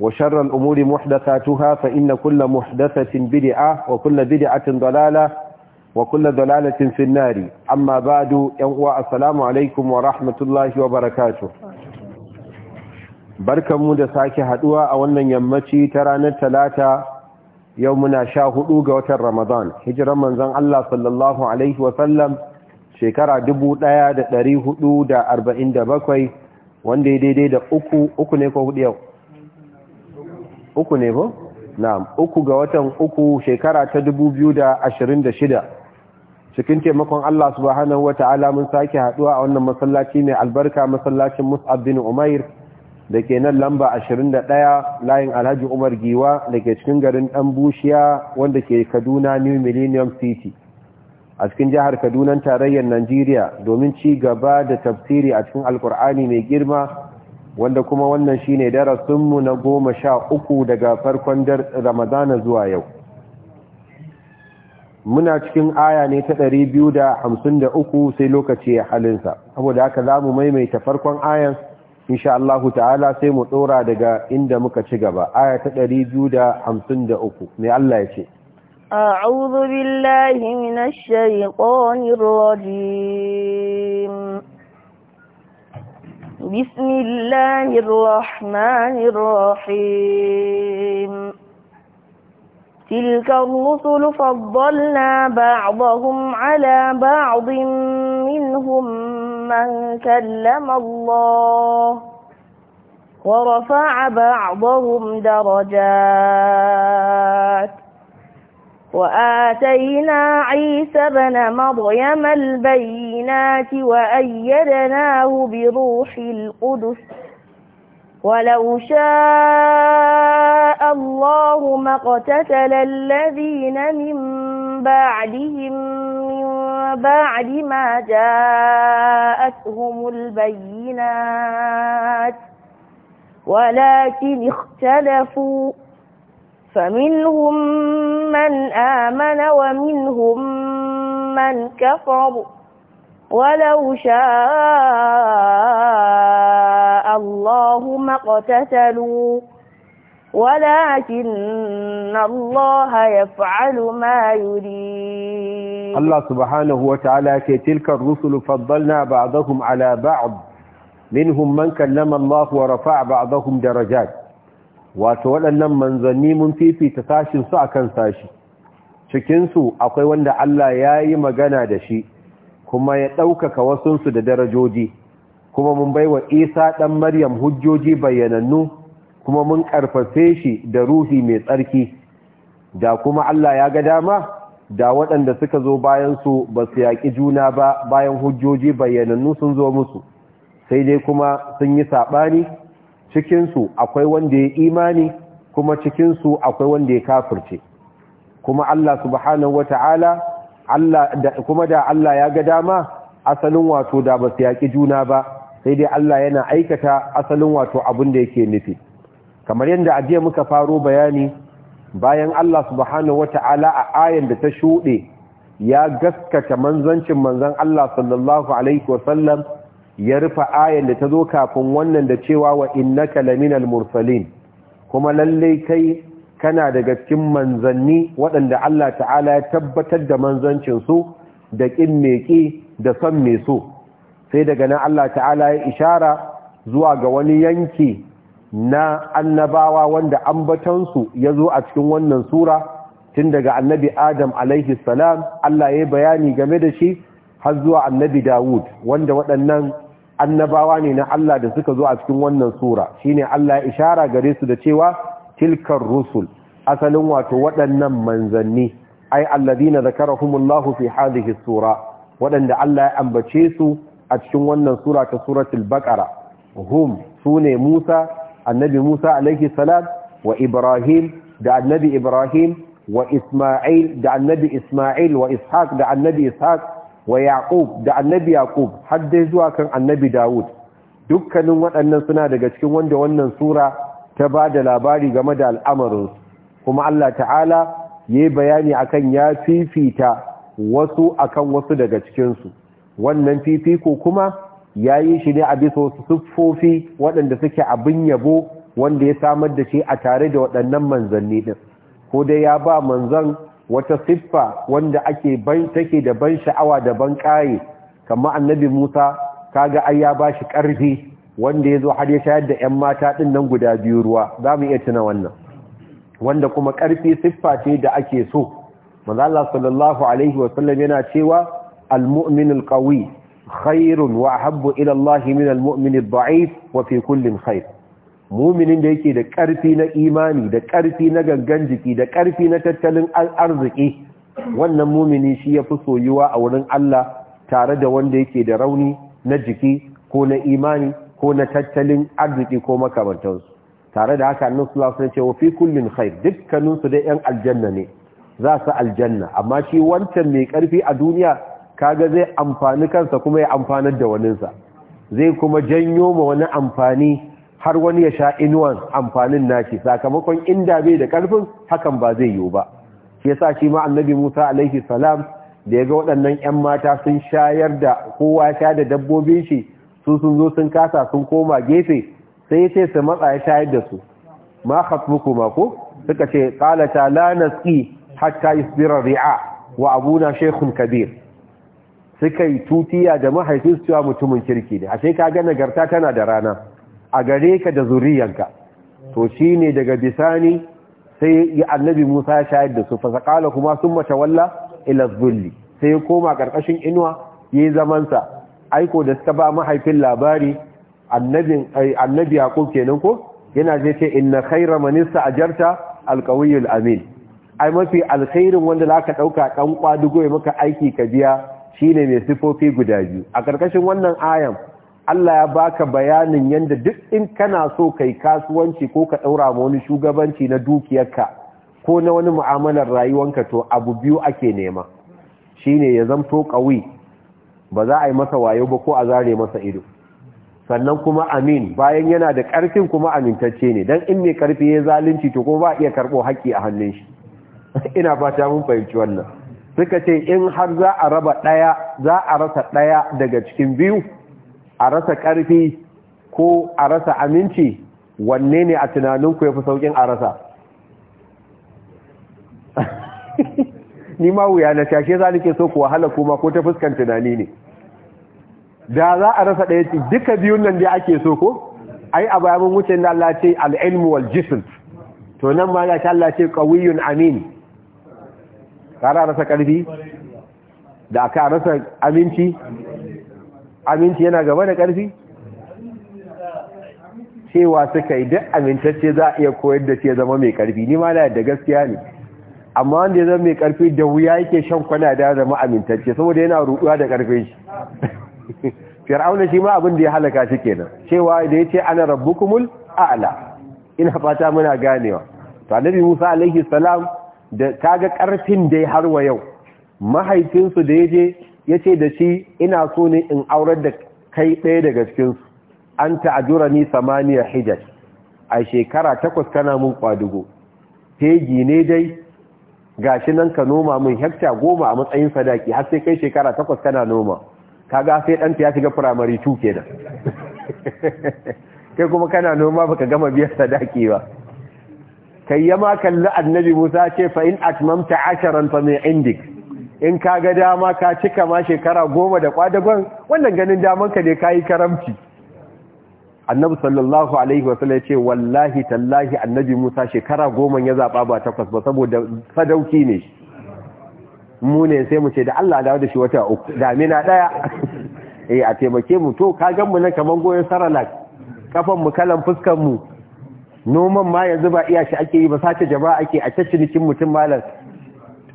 وشر الأمور محدثاتها فإن كل محدثة بدعة وكل بدعة ضلالة وكل ضلالة في النار أما بعد يوم السلام عليكم ورحمة الله وبركاته barkanmu da sake haduwa a wannan yammaci ta ranar talata yau muna sha hudu ga watan ramadan hijiran manzon Allah sallallahu alaihi wasallam shekara 1447 wanda ya daidai da uku uku ne ko hudu yau uku ne ba? na'am uku ga watan uku shekara ta 2026 cikin taimakon Allah subhanahu ta'ala mun sake haduwa a wannan masallaci mai albarka masallacin Mus'ab bin Umair da ke nan lamba 21 layin Alhaji Umar Giwa da ke cikin garin Dan Bushiya wanda ke Kaduna New Millennium City a cikin jihar Kaduna tarayyar Najeriya domin ci gaba da tafsiri a cikin Alkur'ani mai girma wanda kuma wannan shine darasinmu na goma sha uku daga farkon ramadana zuwa yau muna cikin aya ne ta ɗari biyu da da uku sai lokaci ya halinsa saboda haka za mu maimaita farkon ayan insha Allahu ta'ala sai mu tsora daga inda muka ci gaba aya ta ɗari biyu da da uku mai Allah ya ce أعوذ na من الشيطان الرجيم بسم الله الرحمن الرحيم تلك الرسل فضلنا بعضهم على بعض منهم من كلم الله ورفع بعضهم درجات وآتينا عيسى بن مريم البينات وأيدناه بروح القدس ولو شاء الله ما اقتتل الذين من بعدهم من بعد ما جاءتهم البينات ولكن اختلفوا فمنهم من آمن ومنهم من كفر ولو شاء الله ما اقتتلوا ولكن الله يفعل ما يريد الله سبحانه وتعالى في تلك الرسل فضلنا بعضهم على بعض منهم من كلم الله ورفع بعضهم درجات wato waɗannan manzanni mun fifita sashin su kan sashi Cikinsu akwai wanda Allah ya yi magana da shi kuma ya ɗaukaka wasunsu da darajoji kuma mun baiwa Isa ɗan Maryam hujjoji bayyanannu kuma mun ƙarfafe shi da ruhi mai tsarki da kuma Allah ya ga dama da waɗanda suka zo bayansu ba su yaƙi juna ba bayan hujjoji bayyanannu sun zo musu sai dai kuma sun yi saɓani cikinsu akwai wanda ya imani kuma cikinsu akwai wanda ya kafirce kuma Allah subhanahu wata'ala Allah da kuma da Allah ya ga dama asalin wato da ba su yaƙi juna ba sai dai Allah yana aikata asalin wato abin da yake nufi kamar yadda a jiya muka faro bayani bayan Allah subhanahu wata'ala a ayan da ta shuɗe ya gaskata manzancin manzan Allah sallallahu alaihi wasallam ya rufe ayan da ta zo kafin wannan da cewa wa innaka laminal mursalin kuma lalle kai kana daga cikin manzanni waɗanda Allah ta'ala ya tabbatar da manzancin su da ƙin meƙi da son me so sai daga nan Allah ta'ala ya ishara zuwa ga wani yanki na annabawa wanda ambatansu ya zo a cikin wannan sura tun daga annabi adam alaihi salam Allah ya bayani game da shi har zuwa annabi dawud wanda waɗannan annabawa ne na Allah da suka zo a cikin wannan sura shine Allah ya ishara gare su da cewa tilkar rusul asalin wato waɗannan manzanni ai alladhina zakarahumullahu fi hadhihi sura waɗanda Allah ya ambace su a cikin wannan sura ta suratul baqara hum sune Musa annabi Musa Alayhi salam wa Ibrahim da annabi Ibrahim wa Isma'il da annabi Isma'il wa Ishaq da annabi Ishaq wa yaqub da annabi yaqub har dai zuwa kan annabi dawud dukkanin waɗannan suna daga cikin wanda wannan sura ta ba da labari game da al'amarin kuma Allah ta'ala yayi bayani akan ya fifita wasu akan wasu daga cikinsu wannan fifiko kuma ya yi shi ne a bisa wasu siffofi waɗanda suke abin yabo wanda ya samar da shi a tare da waɗannan manzanni ɗin ko dai ya ba manzan wata siffa wanda ake ban take da ban sha'awa da ban kaye kamar annabi Musa kaga ai ya bashi karfi wanda yazo har ya shayar da ƴan mata din nan guda biyu ruwa zamu iya tuna wannan wanda kuma karfi siffa ce da ake so manzo Allah sallallahu alaihi wa sallam yana cewa al-mu'min al-qawi khairun wa ahabbu ila Allah min al-mu'min al-da'if wa fi kullin khair muminin da yake da ƙarfi na imani da ƙarfi na gangan jiki da ƙarfi na tattalin arziki wannan mumini shi ya fi soyuwa a wurin Allah tare da wanda yake da rauni na jiki ko na imani ko na tattalin arziki ko makamantarsu tare da haka annabi su alaihi wasallam ce fi kullum khair dukkaninsu da yan aljanna ne za su aljanna amma shi wancan mai ƙarfi a duniya kaga zai amfani kansa kuma ya amfanar da waninsa zai kuma janyo ma wani amfani har wani ya sha inuwan amfanin nashi sakamakon inda bai da karfin hakan ba zai yiwu ba shi yasa shi ma annabi Musa alaihi salam da ga waɗannan 'yan mata sun shayar da kowa sha da dabbobin shi su sun zo sun kasa sun koma gefe sai ya ce su matsa ya shayar da su ma khatbuku ma ko suka ce qalata la nasqi hatta yusbira ri'a wa abuna shaykhun kabir suka yi tutiya da mahaifinsu cewa mutumin kirki ne ashe ka ga nagarta tana da rana a gare ka da zuriyanka to shi ne daga bisani sai annabi Musa ya shayar da su fa kuma sun mace walla ila zulli sai ya koma karkashin inuwa ya yi zamansa. aiko da suka ba mahaifin labari annabi ya kuke kenan ko yana zai ce inna manista a jarta, alkawiyyar amin ai mafi alkhairin wanda zaka dauka dan kwadugo ya maka aiki ka biya shine mai sifofi guda biyu a ƙarƙashin wannan ayan Allah ya baka bayanin yadda duk in kana so kai kasuwanci ko ka daura ma wani shugabanci na dukiyarka ko na wani mu'amalar rayuwanka to abu biyu ake nema shine ya zamto qawi ba za a yi masa wayo ba ko a zare masa ido sannan kuma amin bayan yana da karfin kuma amintacce ne dan in mai karfi ya zalunci to ko ba iya karbo haƙi a hannun shi ina fata mun fahimci wannan suka ce in har za a raba ɗaya za a rasa ɗaya daga cikin biyu a rasa ƙarfi ko a rasa aminci wanne ne a tunaninku ya fi sauƙin a rasa nima wuya na shashe za nake so ku wahala kuma ko ta fuskan tunani ne da za a rasa ɗaya ce duka biyun nan da ake so ko ai a bayan wucin da Allah ce al'ilmu wal jisun to nan ma ga Allah ce qawiyyun amin kara rasa ƙarfi da aka rasa aminci aminci yana gaba da ƙarfi cewa suka yi duk amintacce za a iya koyar da ce zama mai ƙarfi ni ma na da gaskiya ne amma wanda ya zama mai ƙarfi da wuya yake shan kwana da zama amintacce saboda yana ruɗuwa da ƙarfin shi fir'auna shi ma abin da ya halaka shi kenan cewa da ya ce ana kumul? a'la ina fata muna ganewa to Musa alaihi salam da kaga ƙarfin da ya harwa yau mahaifinsu da ya je. ya ce da shi ina so ne in aurar da kai ɗaya daga cikinsu an ta'ajura ni samaniya hijaj a shekara takwas kana mun kwadugo fegi ne dai gashi nan ka noma mun hekta goma a matsayin sadaki har sai kai shekara takwas kana noma kaga sai ɗanta ya shiga firamare 2 kenan kai kuma kana noma baka gama biyar sadaki ba kai yama kalli annabi musa ce fa in atmamta asharan fa mai indik in ka ga dama ka cika ma shekara goma da kwadagon wannan ganin damanka ne ka yi karamci annabi sallallahu alaihi wasallam ya ce wallahi tallahi annabi musa shekara goma ya zaɓa ba takwas ba saboda sadauki ne mu sai mu ce da allah da da shi wata uku damina ɗaya eh a taimake mu to ka gan mu na kamar goyon saralak kafan mu kalan fuskan mu noman ma yanzu ba iya shi ake yi ba sace jama'a ake a nikin mutum malam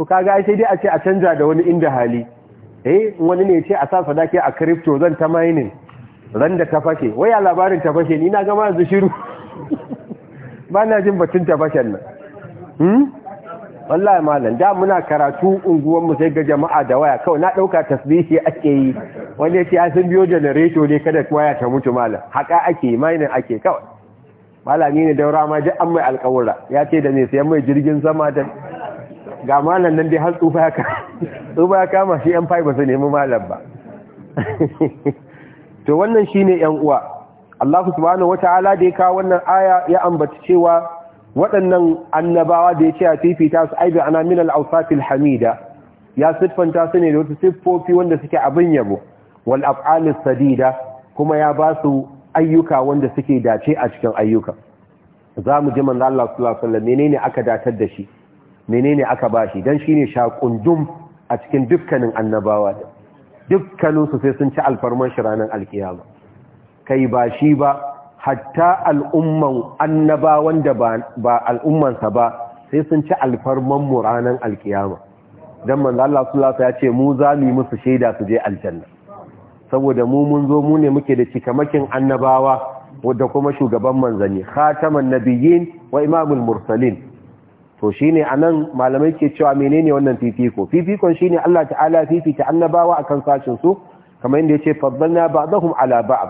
to kaga sai dai a ce a canja da wani inda hali eh wani ne ce a sa sadaki a crypto zan ta mining ran da ta waya labarin ta ni na ga ma yanzu shiru ba na jin batun ta nan hmm wallahi malam da muna karatu unguwan mu sai ga jama'a da waya kawai na dauka tasbihi ake yi ya ce ya san biyo generator ne kada waya ta mutu malam haka ake mining ake kawai malami ne daura ma ji an mai alƙawura ya ce da ne sayan mai jirgin sama da ga malam nan dai har tsufa ya kama tsufa ya kama shi yan fai ba su nemi malam ba to wannan shine yan uwa Allah subhanahu wataala da ya kawo wannan aya ya ambaci cewa waɗannan annabawa da ya ce a fifita su aibi ana min al-awsatil hamida ya siffanta su ne da wasu siffofi wanda suke abin yabo wal af'alis sadida kuma ya ba su ayyuka wanda suke dace a cikin ayyuka za mu ji manzo Allah sallallahu alaihi wasallam menene aka datar da shi menene aka ba bashi dan shine shakundum a cikin dukkanin annabawa da Dukkaninsu sai sun ci alfarman shi ranar alkiyama kai ba shi ba hatta al'umman annabawan da ba al'ummansa ba sai sun ci alfarman mu ranar alkiyama dan manzo Allah sallallahu alaihi ya ce mu za mu yi musu shaida su je aljanna saboda mu mun zo mu ne muke da cikamakin annabawa wadda kuma shugaban manzanni khataman nabiyyin wa imamul mursalin to shine anan malamai ke cewa menene wannan fifiko fifikon ne Allah ta'ala fifita annabawa akan sashin su kamar yadda yace ba ba'dahum kuma ba'd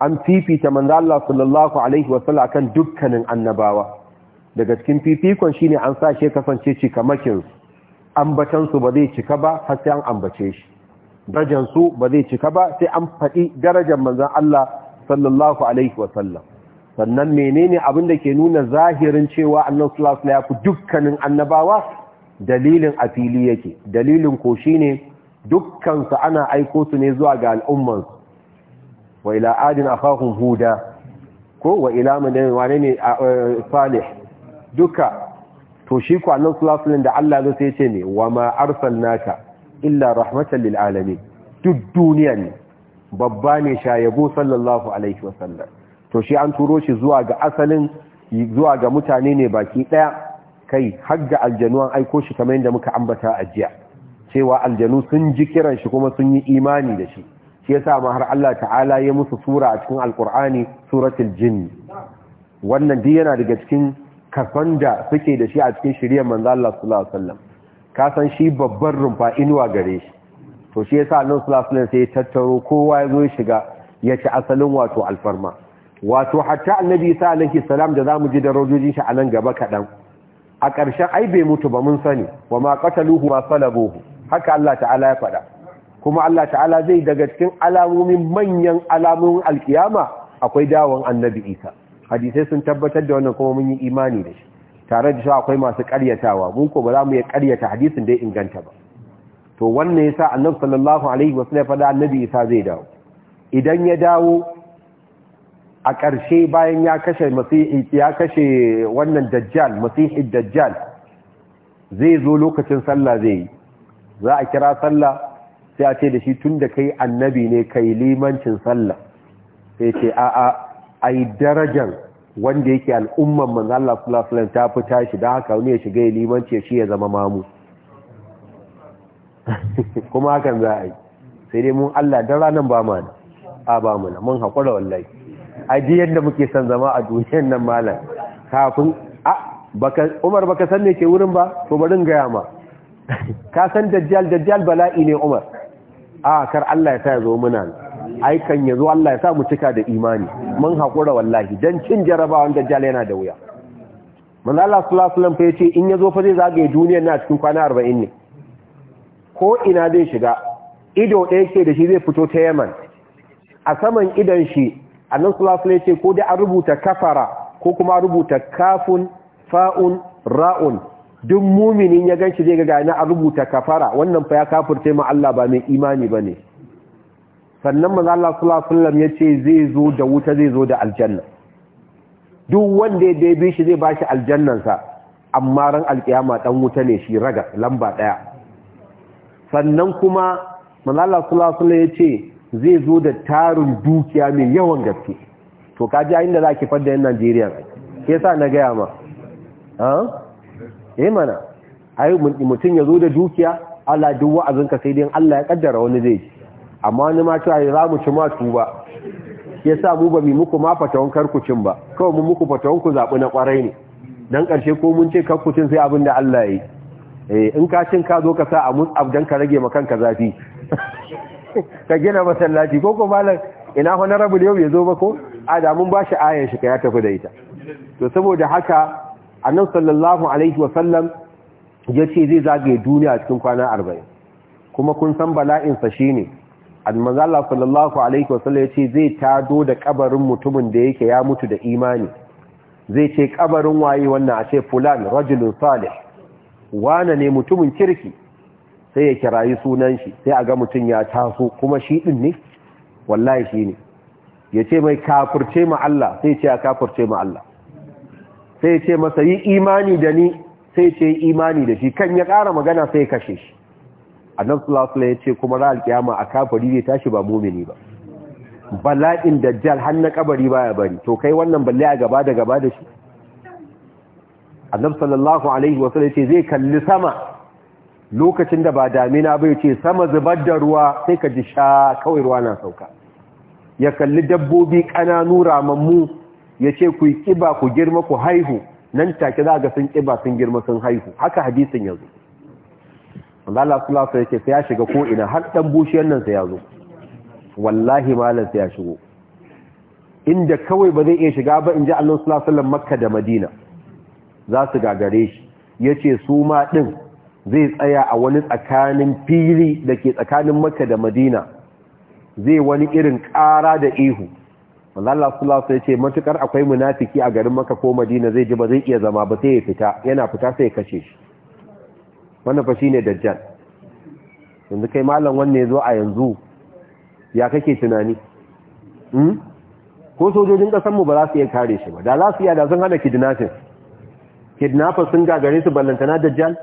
an fifita manzo Allah sallallahu alaihi wa sallam akan dukkanin annabawa daga cikin fifikon ne an sashe kasance cikamakin ambatan ba zai cika ba har sai an ambace shi darajar su ba zai cika ba sai an faɗi darajar manzon Allah sallallahu alaihi wa sallam sannan menene abin da ke nuna zahirin cewa annan sulasula ya fi dukkanin annabawa dalilin a fili yake dalilin ko shi ne dukkansu ana aiko su ne zuwa ga al'ummansu wa ila adin akahun huda ko wa ila madanin wane ne e, salih duka to shi ku annan sulasulun da allah zai sai ce ne wa ma naka illa rahmatan lil alamin duk duniya ne babba ne shayabo sallallahu alaihi wasallam to shi an turo shi zuwa ga asalin zuwa ga mutane ne baki daya kai har ga aljanu an aiko shi kamar yadda muka ambata a jiya cewa aljanu sun ji kiran shi kuma sun yi imani da shi shi yasa ma har Allah ta'ala ya musu sura a cikin alqur'ani suratul jini wannan duk yana daga cikin kafan da suke da shi a cikin shiriyar manzo Allah sallallahu alaihi wasallam ka san shi babban rumfa inuwa gare shi to shi yasa Allah sallallahu alaihi wasallam sai ya tattaro kowa ya zo ya shiga ya asalin wato alfarma wato hatta annabi isa alaihi salam da zamu ji da darajojin shi anan gaba kadan a ƙarshen ai bai mutu ba mun sani wa ma qataluhu wa salabuhu haka Allah ta'ala ya faɗa kuma Allah ta'ala zai daga cikin alamomin manyan alamomin alkiyama akwai dawon annabi isa hadisai sun tabbatar da wannan kuma mun yi imani da shi tare da shi akwai masu ƙaryatawa mun ko ba za mu yi ƙaryata hadisin da ya inganta ba to wannan yasa annabi sallallahu alaihi wasallam ya faɗa annabi isa zai dawo idan ya dawo a ƙarshe bayan ya kashe wannan dajjal masihi dajjal zai zo lokacin sallah zai za a kira sallah sai a ce da shi tun da kai annabi ne kai limancin sallah sai ce a a ai darajan wanda yake al'umman manzo Allah sallallahu ta fi tashi don haka wani ya shiga limanci shi ya zama mamu kuma hakan za a yi sai dai mun Allah dan ranan ba mana a ba mana mun haƙura wallahi aji yadda muke san zama a duniyar nan malam kafin a baka Umar baka san me ke wurin ba to bari gaya ma ka san dajjal dajjal bala'i ne Umar a kar Allah ya sa ya zo muna ai kan yazo Allah ya sa mu cika da imani mun hakura wallahi dan cin wanda dajjal yana da wuya manzo Allah sallallahu alaihi wasallam fa in ya zo fa zai zagaye duniyar na cikin kwana 40 ne ko ina zai shiga ido ɗaya ke da shi zai fito ta Yaman a saman idan shi annan sulafin ya ce ko dai an rubuta kafara ko kuma rubuta kafun fa'un ra'un duk muminin ya ganshi zai ga na an rubuta kafara wannan fa ya kafurce ma Allah ba mai imani ba ne sannan maza Allah sulafin ya ce zai zo da wuta zai zo da aljanna duk wanda ya bi shi zai ba shi aljannansa amma ran alƙiyama ɗan wuta ne shi raga lamba ɗaya. sannan kuma manzo Allah sallallahu ya ce. zai zo da tarin dukiya mai yawan gaske to ji ayin inda za ki fadda yan najeriya ke sa na gaya ma eh mana ai mutum ya zo da dukiya allah duk wa'azinka sai dai allah ya kaddara wani zai ci amma wani ma cewa za mu ci masu ba ke sa mu ba mu muku ma fatawan karkucin ba kawai mu muku fatawan ku zaɓi na ƙwarai ne don ƙarshe ko mun ce karkucin sai abin da allah ya yi eh, in ka cin ka zo ka sa a mus'ab don ka rage ma kanka zafi ka gina masallaci ko ko malam ina da yau ya zo ba ko a da mun shi ayan shi ka ya tafi da ita to saboda haka annabi sallallahu alaihi wa sallam yace zai zage duniya cikin kwana 40 kuma kun san bala'in sa shine annabi Allah sallallahu alaihi wa sallam yace zai tado da kabarin mutumin da yake ya mutu da imani zai ce kabarin waye wannan a ce fulan rajulun salih wane ne mutumin kirki sai ya kirayi sunan shi sai a ga mutum ya taso kuma shi din ne wallahi shi ne ya ce mai kafurce ma Allah sai ce ya kafurce ma Allah sai ya ce masa yi imani da ni sai ce imani da shi kan ya ƙara magana sai ya kashe shi A sallallahu ya ce kuma ra alkiyama a kafari zai tashi ba mumini ba bala'in dajjal har na kabari baya bari to kai wannan balle a gaba da gaba da shi annabi sallallahu alaihi wasu ya ce zai kalli sama lokacin da ba damina bai ce sama zubar da ruwa sai ka ji sha kawai ruwa na sauka ya kalli dabbobi ƙananu ramammu ya ce ku yi ƙiba ku girma ku haihu nan take za ga sun ƙiba sun girma sun haihu haka hadisin ya zo Allah lafa yake sai ya shiga ko ina har ɗan bushiyar nan sai ya zo wallahi malam sai ya shigo inda kawai ba zai iya shiga ba in ji Allah sulasa Makka da Madina za su gagare shi Ya ce su ma din zai tsaya a wani tsakanin fili da ke tsakanin Maka da madina zai wani irin ƙara da ihu Allah sallallahu alaihi ce matukar akwai munafiki a garin Maka ko Madina zai ji ba zai iya zama ba sai ya fita yana fita sai ya kashe shi wannan fa shine dajjal yanzu kai malam wanne zo a yanzu ya kake tunani hmm? ko sojojin kasan mu ba za su iya kare shi ba da za su iya da sun hana kidnapping kidnappers sun gagare su ballantana dajjal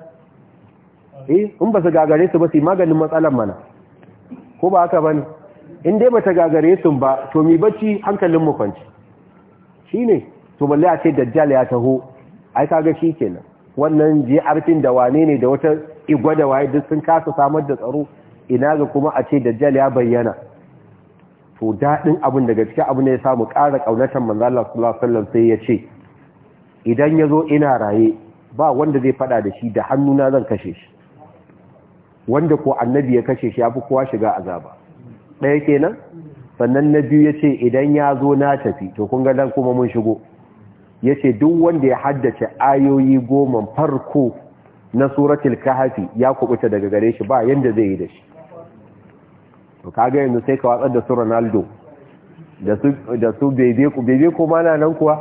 eh in ba su gagare su ba su maganin matsalan mana ko ba haka bane in dai bata gagare su ba to mi bacci hankalin mu kwanci shine to balle a ce dajjal ya taho ai kaga kenan wannan jiartin da wane ne da wata igwa da waye duk sun kasa samar da tsaro ina ga kuma a ce dajjal ya bayyana to daɗin abin daga cikin abin da ya samu ƙara ƙaunatar manzo Allah sallallahu alaihi wasallam sai ya ce idan yazo ina raye ba wanda zai fada da shi da hannuna zan kashe shi wanda ko annabi ya kashe shi ya kowa shiga azaba ɗaya kenan sannan na biyu yace idan ya zo na tafi to kun ga dan kuma mun shigo yace duk wanda ya haddace ayoyi goma farko na suratul kahafi ya kubuta daga gare shi ba yanda zai yi da shi to kaga yanzu sai ka watsar da su ronaldo da su bebe ku bebe ko mana nan kuwa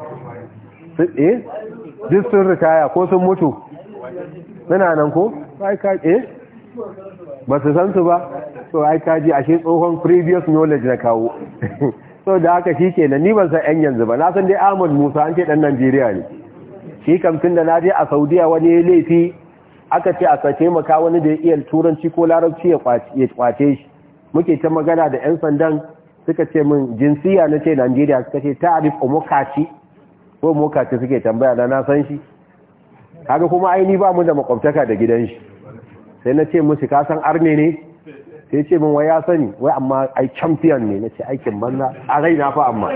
eh duk sun ritaya ko sun mutu suna nan ko? eh ba su san su ba so ai ka ji ashe tsohon previous knowledge na kawo so da haka shi ke ni ban san yan yanzu ba na san dai ahmad musa an ce dan najeriya ne shi tun da na je a saudiya wani ya laifi aka ce a sace maka wani da ya iya turanci ko larabci ya kwace shi muke ta magana da yan sandan suka ce min jinsiya na ce najeriya suka ce ta arif ko mokaci suke tambaya na na san shi kaga kuma aini ba mu da makwabtaka da gidan shi sai na ce musu kasan arne ne sai ce min wai ya sani wai amma ai champion ne na ce aikin banza a rai na fa amma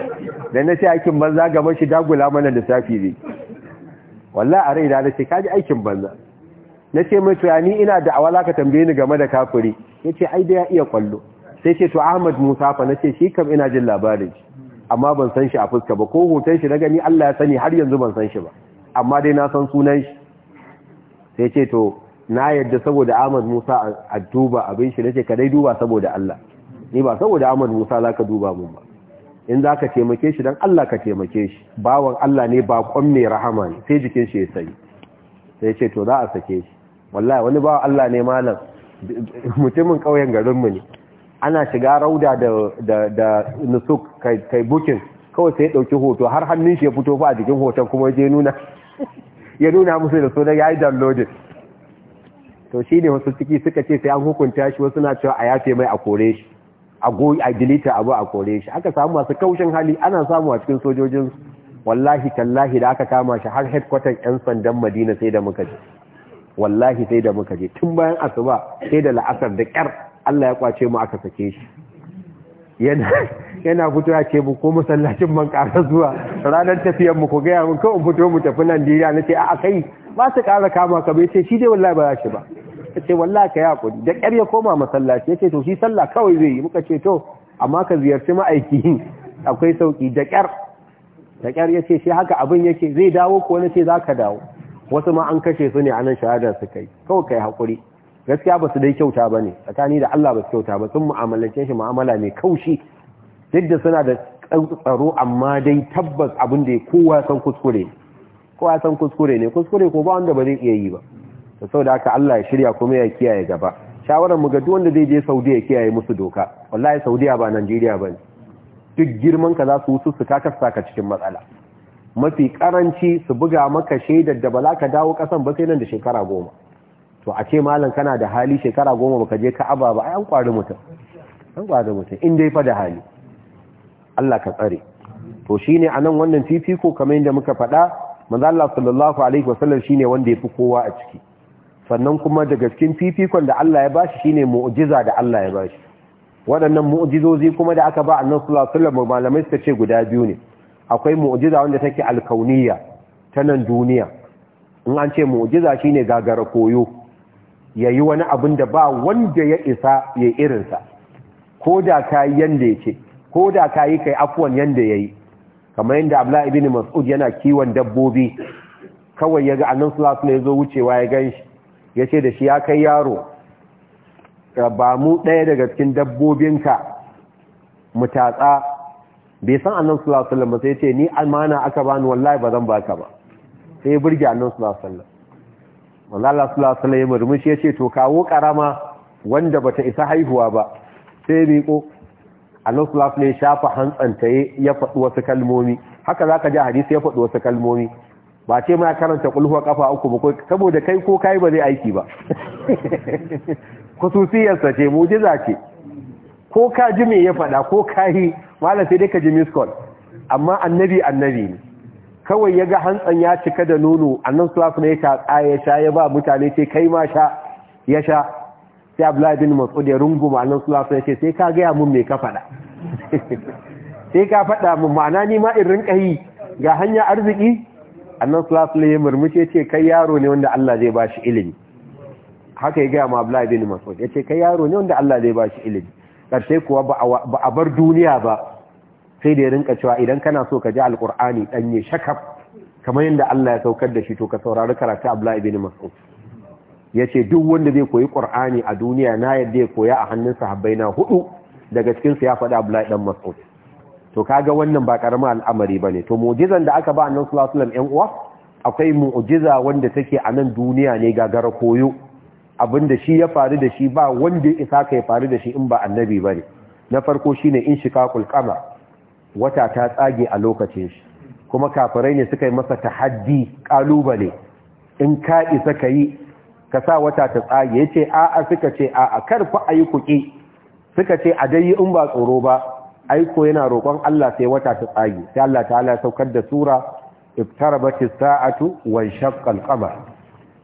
da na ce aikin banza gaba shi dagula mana lissafi ne wallah a rai na na ce kaji aikin banza na ce mai to ni ina da awala ka tambaye ni game da kafuri ya ce ai da ya iya kwallo sai ce to ahmad musa fa na ce shi kam ina jin labarin amma ban san shi a fuska ba ko hoton shi na gani allah ya sani har yanzu ban san shi ba amma dai na san sunan shi sai ce to na yadda saboda Ahmad Musa a duba abin shi nace ka dai duba saboda Allah ni ba saboda Ahmad Musa zaka duba mun ba in zaka taimake shi dan Allah ka taimake shi bawan Allah ne ba kon mai rahama ne sai jikin shi ya sai sai ce to za a sake shi wallahi wani bawan Allah ne malam mutumin kauyen garin mu ne ana shiga rauda da da da nusuk kai kai booking kawai sai ya dauki hoto har hannun shi ya fito fa a jikin hoton kuma je nuna ya nuna musu da so da yayi downloading to shi ne wasu ciki suka ce sai an hukunta shi wasu na cewa a yafe mai a kore shi a goyi a dilita abu a kore shi aka samu masu kaushin hali ana samu a cikin sojojin wallahi tallahi da aka kama shi har headquarter yan sandan madina sai da muka je wallahi sai da muka je tun bayan asuba sai da la'asar da kyar Allah ya kwace mu aka sake shi yana fito ya ce mu ko masallacin man zuwa ranar tafiyar mu ko gaya mun kawai fito mu tafi nan. na ce, a kai ba su ƙara kama ka bai ce shi dai wallahi ba za shi ba ka ce wallahi ka yi hakuri da ƙyar ya koma masallaci ya ce to shi sallah kawai zai yi muka ce to amma ka ziyarci ma'aiki akwai sauƙi da ƙyar da ƙyar ya ce shi haka abin yake zai dawo ko wani ce za ka dawo wasu ma an kashe su ne a nan shahada su kai kawai kai hakuri. gaskiya ba su dai kyauta ba ne tsakani da Allah ba su kyauta ba sun mu'amalance shi mu'amala mai kaushi duk da suna da tsaro amma dai tabbas abin da kowa san kuskure kowa san kuskure ne kuskure ko ba wanda ba zai iya yi ba da sau da haka Allah ya shirya kuma ya kiyaye gaba shawarar mu ga duk wanda zai je Saudi ya kiyaye musu doka wallahi Saudiya ba Najeriya ba ne duk girman ka za su wusu su kakar saka cikin matsala mafi karanci su buga maka shaidar da ba za ka dawo kasan ba sai nan da shekara goma to a ce malam kana da hali shekara goma baka je Ka'aba ba ai an kwari mutum an kwari mutum in dai fa da hali Allah ka tsare to shine anan wannan fifiko kamar yadda muka faɗa manzo Allah sallallahu alaihi wasallam shine wanda yafi kowa a ciki sannan kuma daga cikin fifikon da Allah ya bashi shine mu'jiza da Allah ya bashi waɗannan mu'jizozi kuma da aka ba annabi sallallahu alaihi wasallam malamai suka ce guda biyu ne akwai mu'jiza wanda take alkauniya ta nan duniya in an ce mu'jiza shine gagara koyo yayi wani abin da ba wanda ya isa ya irinsa ko da kayi yanda yake ko da kayi kai afwan yanda yayi kamar yadda abla ibn mas'ud yana kiwon dabbobi kawai yaga annan sulasu ne zo wucewa ya ganshi yace da shi ya kai yaro ba mu ɗaya daga cikin dabbobinka mu tatsa bai san annan sulasu ne ba sai yace ni amana aka bani wallahi ba zan baka ba sai ya burge annan sulasu ne wallahi sulasu ne ya murmushi ce to kawo karama wanda bata isa haihuwa ba sai miƙo Allah ne alaihi shafa hantsanta ya faɗi wasu kalmomi haka za ka ji hadisi ya faɗi wasu kalmomi ba ce ma karanta ƙulhuwa kafa uku ba saboda kai ko kai ba zai aiki ba kususiyarsa ce mujiza ce ko ka ji me ya faɗa ko ka yi malam sai dai ka ji miskol amma annabi annabi ne kawai ya ga hantsan ya cika da nono annan ne ya sha ya sha ya ba mutane ce kai ma sha ya sha sai abdullahi bin mas'ud ya rungu ma'anar su ya ce sai ka gaya mun me ka faɗa sai ka faɗa mun ma'ana ni ma in rinka yi ga hanya arziki annan lafiya ya murmushe ce kai yaro ne wanda Allah zai ba shi ilimi haka ya gaya ma abdullahi bin mas'ud ya ce kai yaro ne wanda Allah zai ba shi ilimi ƙarshe kuwa ba a bar duniya ba sai da ya rinka cewa idan kana so ka ji Alƙur'ani ɗanye shakaf kamar yadda Allah ya saukar da shi to ka saurari karatu abdullahi bin mas'ud ya ce duk wanda zai koyi ƙur'ani a duniya na yadda ya koya a hannun sahabbai na hudu daga cikinsu ya faɗi abdullahi dan mas'ud to kaga wannan ba ƙaramin al'amari ba ne to mu'jizan da aka ba a nan sulasulam yan uwa akwai mu'jiza wanda take a nan duniya ne gagara koyo da shi ya faru da shi ba wanda isa ka ya faru da shi in ba annabi ba ne na farko shi ne in shika qamar wata ta tsage a lokacin shi kuma kafirai ne suka yi masa tahaddi kalubale in ka isa ka yi ka sa wata ta tsage ce a'a suka ce a'a kar fa ayi kuki suka ce a dai in ba tsoro ba aiko yana roƙon Allah sai wata ta tsage sai Allah ta'ala ya saukar da sura iftarabatis sa'atu wan shaqqal qamar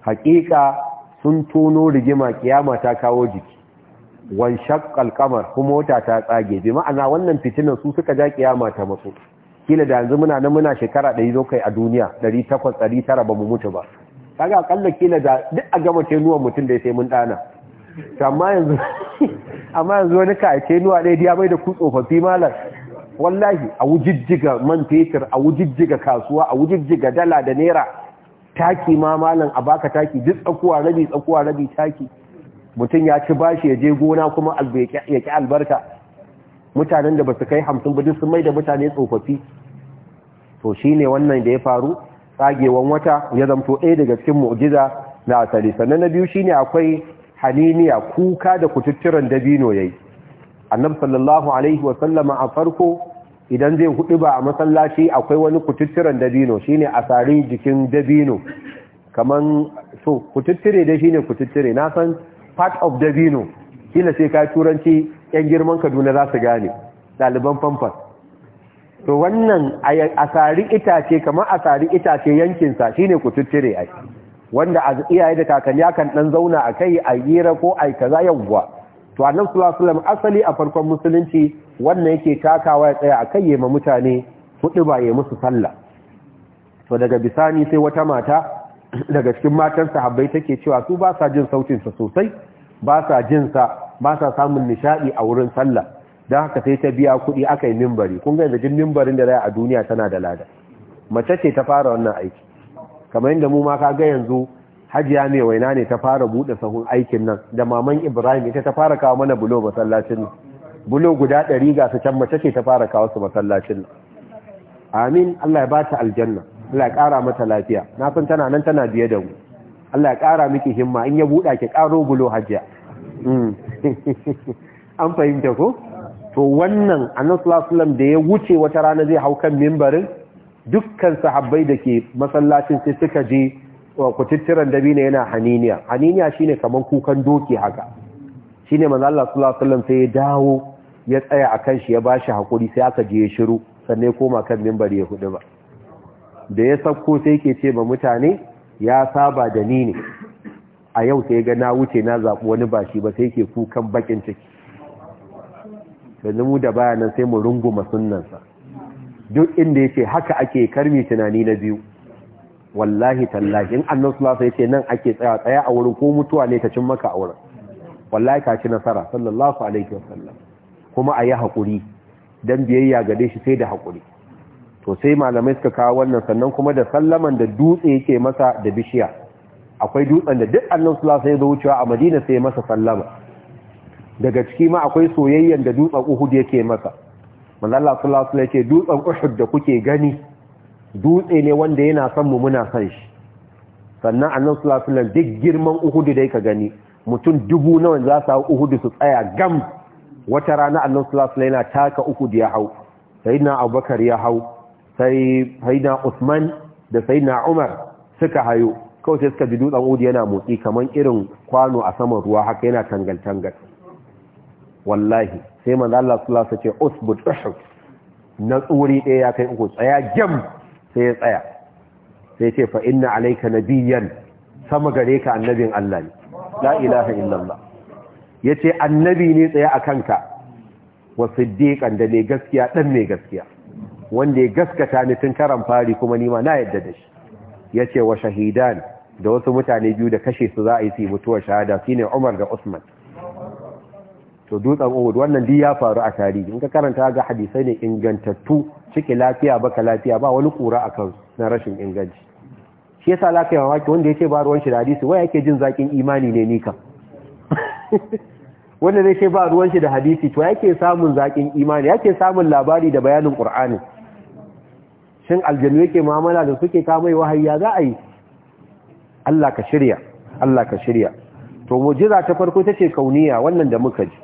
haqiqa sun tono rigima kiyama ta kawo jiki wan shaqqal qamar kuma wata ta tsage bi ma'ana wannan fitinan su suka ja ƙiyama ta matso kila da yanzu muna nan muna shekara 100 zo a duniya 800 900 ba mu mutu ba kaga akalla kila da duk a gama tenuwan mutum da ya sai mun dana amma yanzu amma yanzu wani ka ce nuwa ɗaya ya bai da ku tsofaffi malar wallahi a wujijjiga man fetur a wujijjiga kasuwa a wujijjiga dala da naira taki ma malam a baka taki duk tsakuwa rabi tsakuwa rabi taki mutum ya ci bashi ya je gona kuma ya ki albarka mutanen da ba su kai hamsin ba duk sun mai da mutane tsofaffi to shine wannan da ya faru tsagewan wata ya zamto ɗaya daga cikin mu'jiza na asali sannan na biyu shine akwai haniniya kuka da kututturan dabino yayi annabi sallallahu alaihi wa sallama a farko idan zai hudu ba a masallaci akwai wani kututturan dabino shine asari jikin dabino kaman so kututture dai shine kututture na san part of dabino kila sai ka turanci yan girman Kaduna za su gane ɗaliban famfas to wannan a itace kamar a itace yankinsa shine ne tuttire ai wanda a iyaye da kakanni akan dan zauna a kai a yira ko ai kaza yawwa to annabi sallallahu alaihi asali a farkon musulunci wannan yake takawa ya tsaya a kai ma mutane hudu ba ya musu sallah to daga bisani sai wata mata daga cikin matan sahabbai take cewa su ba sa jin sautinsa sosai ba sa jin ba sa samun nishadi a wurin sallah don haka sai ta biya kuɗi aka yi mimbari kun ga yanzu mimbarin da rai a duniya tana da lada mace ce ta fara wannan aiki kamar yadda mu ma ka ga yanzu hajiya mai waina ne ta fara buɗe sahun aikin nan da maman ibrahim ita ta fara kawo mana bulo masallacin nan. bulo guda ɗari ga su can mace ce ta fara kawo su masallacin nan. amin allah ya ba ta aljanna allah ya ƙara mata lafiya na san tana nan tana biye da mu allah ya ƙara miki himma in ya buɗa ki ƙaro bulo hajiya hmm. an fahimta ko to wannan annabi da ya wuce wata rana zai hau kan mimbarin dukkan sahabbai da ke masallacin sai suka je uh, kututturan dabino yana haniniya haniniya shine kaman kukan doki haka shine manzo Allah sallallahu alaihi sai ya dawo ya tsaya akan shi ya ba shi hakuri sai aka je ya shiru sannan ya koma kan mimbari ya hudu ba da ya sauko sai yake ce ba mutane ya saba da ni ne a yau sai ga na wuce na zaɓi wani bashi ba sai yake kukan bakin ciki yanzu mu da baya nan sai mu runguma sunansa. duk inda yace haka ake karmi tunani na biyu wallahi tallahi in annabi ya ce nan ake tsaya tsaya a wurin ko mutuwa ne ta cin maka a wurin wallahi ka ci nasara sallallahu alaihi wasallam kuma a yi haƙuri. dan biyayya gare shi sai da haƙuri. to sai malamai suka kawo wannan sannan kuma da sallaman da dutse yake masa da bishiya akwai dutsen da duk annan sallallahu ya zo wucewa a Madina sai masa sallama daga ciki ma akwai soyayyen da dutsen Uhud yake masa manzo Allah sallallahu alaihi dutsen Uhud da kuke gani dutse ne wanda yana son mu muna san shi sannan annabi su lasu lan duk girman Uhud da ka gani mutum dubu nawa za su hau Uhud su tsaya gam wata rana annabi sallallahu alaihi yana taka Uhud ya hau sayyidina Abubakar ya hau sai sayyidina Usman da sayyidina Umar suka hayo kawai sai suka bi dutsen Uhud yana motsi kamar irin kwano a saman ruwa haka yana tangal tangal wallahi sai manzo Allah sallallahu alaihi ce usbut uhud na tsuri ɗaya ya kai uku tsaya jam sai ya tsaya sai ce fa inna alayka nabiyyan sama gare ka annabin Allah ne la ilaha illallah yace annabi ne tsaya kan ka wa siddiqan da ne gaskiya dan ne gaskiya wanda ya gaskata ni tun karan fari kuma ni ma na yadda da shi yace wa shahidan da wasu mutane biyu da kashe su za a yi su mutuwar shahada ne Umar da Usman to dutsen uhud wannan duk ya faru a tarihi in ka karanta ga hadisai ne ingantattu ciki lafiya baka lafiya ba wani kura akan na rashin inganci shi yasa lafiya ka yi wanda ya ce ba ruwan shi da hadisi wai yake jin zakin imani ne ni kam wanda zai ce ba ruwan shi da hadisi to yake samun zakin imani yake samun labari da bayanin qur'ani shin aljanu yake mu'amala da suke mai wahayya za a yi Allah ka shirya Allah ka shirya to mu'jiza ta farko tace kauniya wannan da muka ji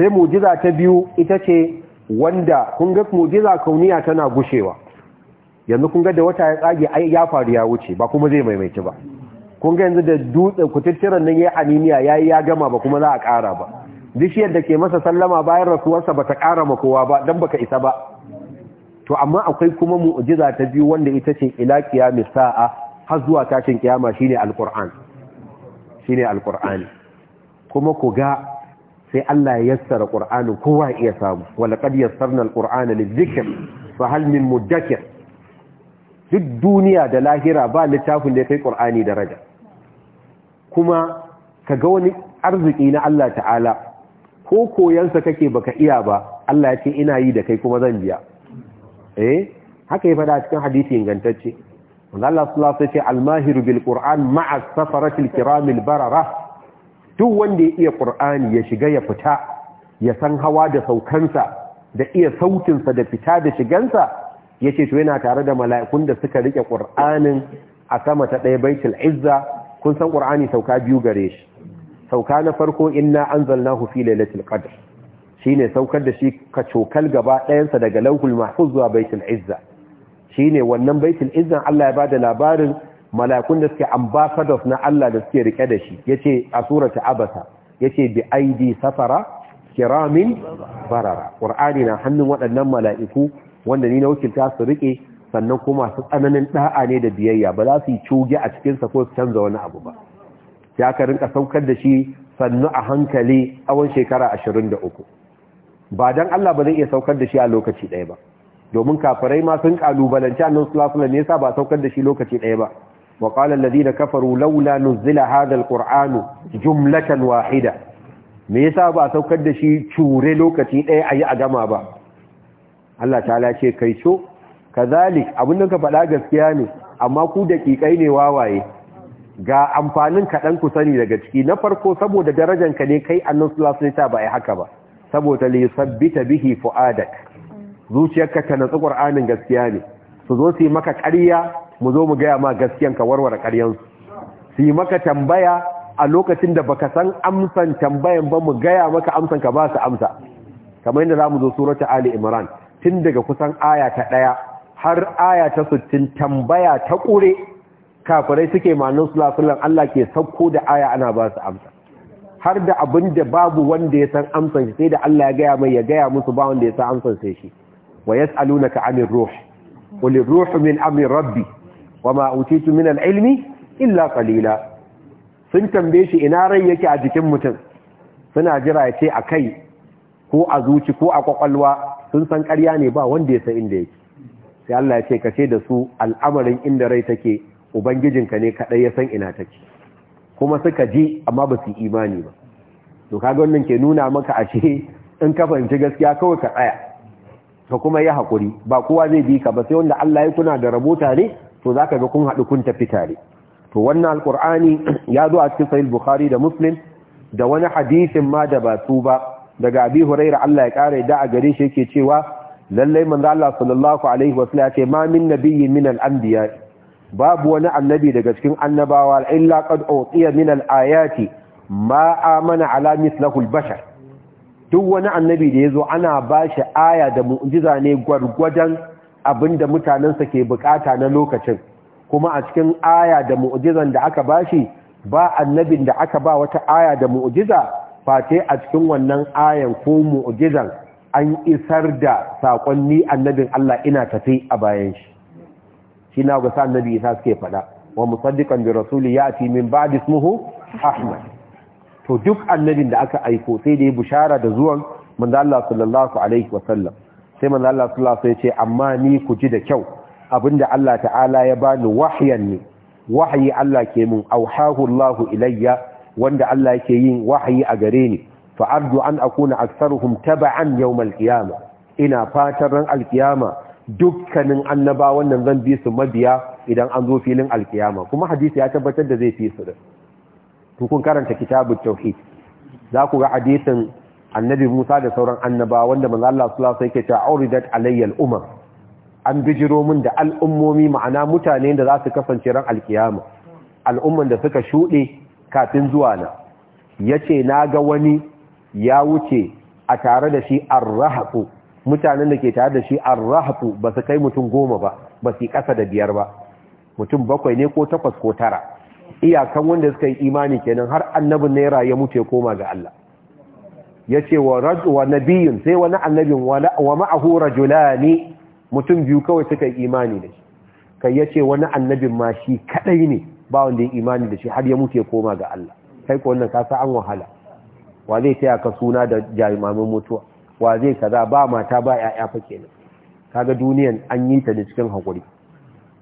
sai mujiza ta biyu ita ce wanda kun ga mujiza kauniya tana gushewa yanzu kun ga da wata ya tsage ya faru ya wuce ba kuma zai maimaici ba kun ga yanzu da dutse kututturan nan ya animiya yayi ya gama ba kuma za a kara ba bishiyar da ke masa sallama bayan rasuwarsa bata kara ma kowa ba dan baka isa ba to amma akwai kuma mu'jiza ta biyu wanda ita ce ila qiyamis sa'a har zuwa tashin kiyama shine alqur'an shine alqur'ani kuma ku ga sai Allah ya yassara Qur'ani kowa iya samu wala qad yassarna al-Qur'ana lidh-dhikr fa hal min mudakkir duk duniya da lahira ba littafin da kai Qur'ani daraja kuma kaga wani arziki na Allah ta'ala ko koyansa kake baka iya ba Allah ya ce ina yi da kai kuma zan biya eh haka ya fada cikin hadisi ingantacce Allah sallallahu alaihi wasallam ya ce al-mahiru bil-Qur'an ma'a safaratil kiramil barara duk wanda ya iya ƙur'ani ya shiga ya fita ya san hawa da saukansa da iya sautinsa da fita da shigansa ya ce to yana tare da mala'ikun da suka riƙe ƙur'anin a sama ta ɗaya baitul izza kun san ƙur'ani sauka biyu gare shi sauka na farko inna anzalnahu fi lailatul qadr shine saukar da shi cokal gaba ɗayansa daga lauhul mahfuz zuwa baitul izza shine wannan baitul izza Allah ya bada labarin mala'ikun da suke ambassadors na Allah da suke rike da shi yace a surata abasa yace bi aidi safara kiramin barara qur'ani na hannun waɗannan mala'iku wanda ni na wakilta su rike sannan kuma su tsananin da'a ne da biyayya ba za su yi cuge a cikin sa ko su canza wani abu ba Ya ka rinka saukar da shi sannu a hankali awon shekara 23 ba dan Allah ba zai iya saukar da shi a lokaci ɗaya ba domin kafirai ma sun kalubalanci annabi sallallahu alaihi wasallam ne yasa ba saukar da shi lokaci ɗaya ba وقال الذين كفروا لولا نزل هذا القرآن جملة واحدة me yasa ba saukar da shi cure lokaci ɗaya a yi a gama ba Allah ta ce kai so kazalik abin ka faɗa gaskiya ne amma ku daƙiƙai ne wawaye ga amfanin kaɗan ku sani daga ciki na farko saboda darajanka ne kai annan sulasulita ba a yi haka ba saboda li sabbita bihi fu'adak zuciyarka ta natsi ƙur'anin gaskiya ne su zo su yi maka ƙarya mu zo mu gaya ma gaskiyan ka warware ƙaryansu su yi maka tambaya a lokacin da baka san amsan tambayan ba mu gaya maka amsan ka ba su amsa kamar yadda zamu zo surata ali imran tun daga kusan aya ta ɗaya har aya ta sittin tambaya ta ƙure kafirai suke manin sulafulan Allah ke sauko da aya ana ba su amsa har da abin da babu wanda ya san amsan sai da Allah ya gaya mai ya gaya musu ba wanda ya san amsan sai shi wa yas'alunaka 'anil ruh qul ar-ruhu min amri rabbi wa ma utitu min al illa qalila sun tambaye shi ina rai yake a jikin mutum suna jira yace ce a kai ko a zuci ko a kwakwalwa sun san ƙarya ne ba wanda ya san inda yake sai Allah ya ce ka ce da su al'amarin inda rai take ubangijinka ne kaɗai ya san ina take kuma suka ji amma ba su imani ba to kaga wannan ke nuna maka a ashe in ka fahimci gaskiya kawai ka tsaya ka kuma yi hakuri ba kowa zai bi ka ba sai wanda Allah ya kuna da rabota ne? to zaka ga kun haɗu kun tafi tare to wannan alqur'ani ya zo a cikin sahih bukhari da muslim da wani hadisin ma da ba su ba daga abi huraira Allah ya kare da a gare shi yake cewa lallai manzo Allah sallallahu alaihi wasallam ya ma min nabiyyin min al-anbiya babu wani annabi daga cikin annabawa illa qad utiya min al-ayati ma amana ala mislahu al-bashar duk wani annabi da yazo ana bashi aya da mu'jiza ne gwargwadan Abin da mutanensa ke bukata na lokacin kuma a cikin aya da mu'jizan da aka bashi ba annabin da aka ba wata aya da mu'jiza fate a cikin wannan ayan ko mu'jizan an isar da saƙonni annabin Allah ina tafi a bayan shi shi na ga sa annabi Isa suke faɗa wa musaddiqan bi rasuli yati min ba'di ismihi Ahmad to duk annabin da aka aiko sai da ya bushara da zuwan manzo Allah sallallahu alaihi wasallam sai manzo Allah sallallahu alaihi wasallam ya ce amma ni ku ji da kyau abinda Allah ta'ala ya bani wahyan ne wahayi Allah ke mun auhahu Allah ilayya wanda Allah yake yin wahayi a gare ni fa arju an akuna aktharuhum taba'an yawm al ina fatan ran al dukkanin annaba wannan zan bi su mabiya idan an zo filin alkiyama. kuma hadisi ya tabbatar da zai fi su da kun karanta kitabut tauhid za ku ga hadisin annabi Musa da sauran annaba wanda manzo Allah sallallahu alaihi wasallam yake cewa auridat alayyal umam an bijiro min da al'ummomi ma'ana mutane da za su kasance ran alkiyama al'umman da suka shuɗe kafin zuwa na yace ga wani ya wuce a tare da shi arrahafu mutanen da ke tare da shi arrahafu ba su kai mutum goma ba ba su kasa da biyar ba mutum bakwai ne ko takwas ko tara iyakan wanda suka yi imani kenan har annabin naira ya mutu ya koma ga Allah yace wa wa nabiyun sai wani annabin wa ma'ahu rajulani mutum biyu kawai suka yi imani da shi kai ya ce wani annabin ma shi kadai ne ba wanda ya imani da shi har ya mutu ya koma ga Allah kai ko wannan kasa an wahala wa zai taya ka suna da jami'an mutuwa wa zai kaza ba mata ba yaya fa kenan kaga duniyan an yi ta da cikin hakuri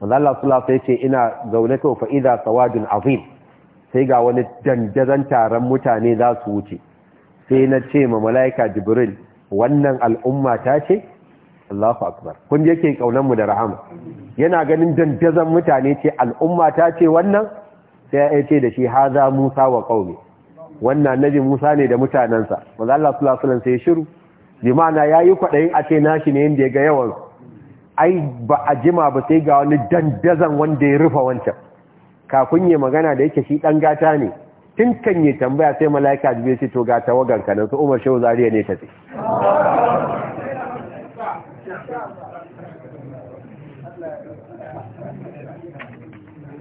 manzo Allah sallallahu alaihi wasallam ina zaune to fa idza sawadun azim sai ga wani dandazan taron mutane za su wuce sai na ce ma mala'ika jibril wannan al'umma ta ce Allahu akbar kun yake kaunan mu da rahama yana ganin dandazan mutane ce al'umma ta ce wannan sai ya ce da shi haza Musa wa qaumi wannan nabi Musa ne da mutanensa. manzo Allah sallallahu alaihi sai shiru bi ma'ana yayi kwaɗayin a ce nashi ne inda ga yawan ai ba a jima ba sai ga wani dandazan wanda ya rufa wancan kafin yayi magana da yake shi ɗan gata ne tun kan yi tambaya sai mala'ika jibe shi to ga wagan ka nan su umar shehu zariya ne tafi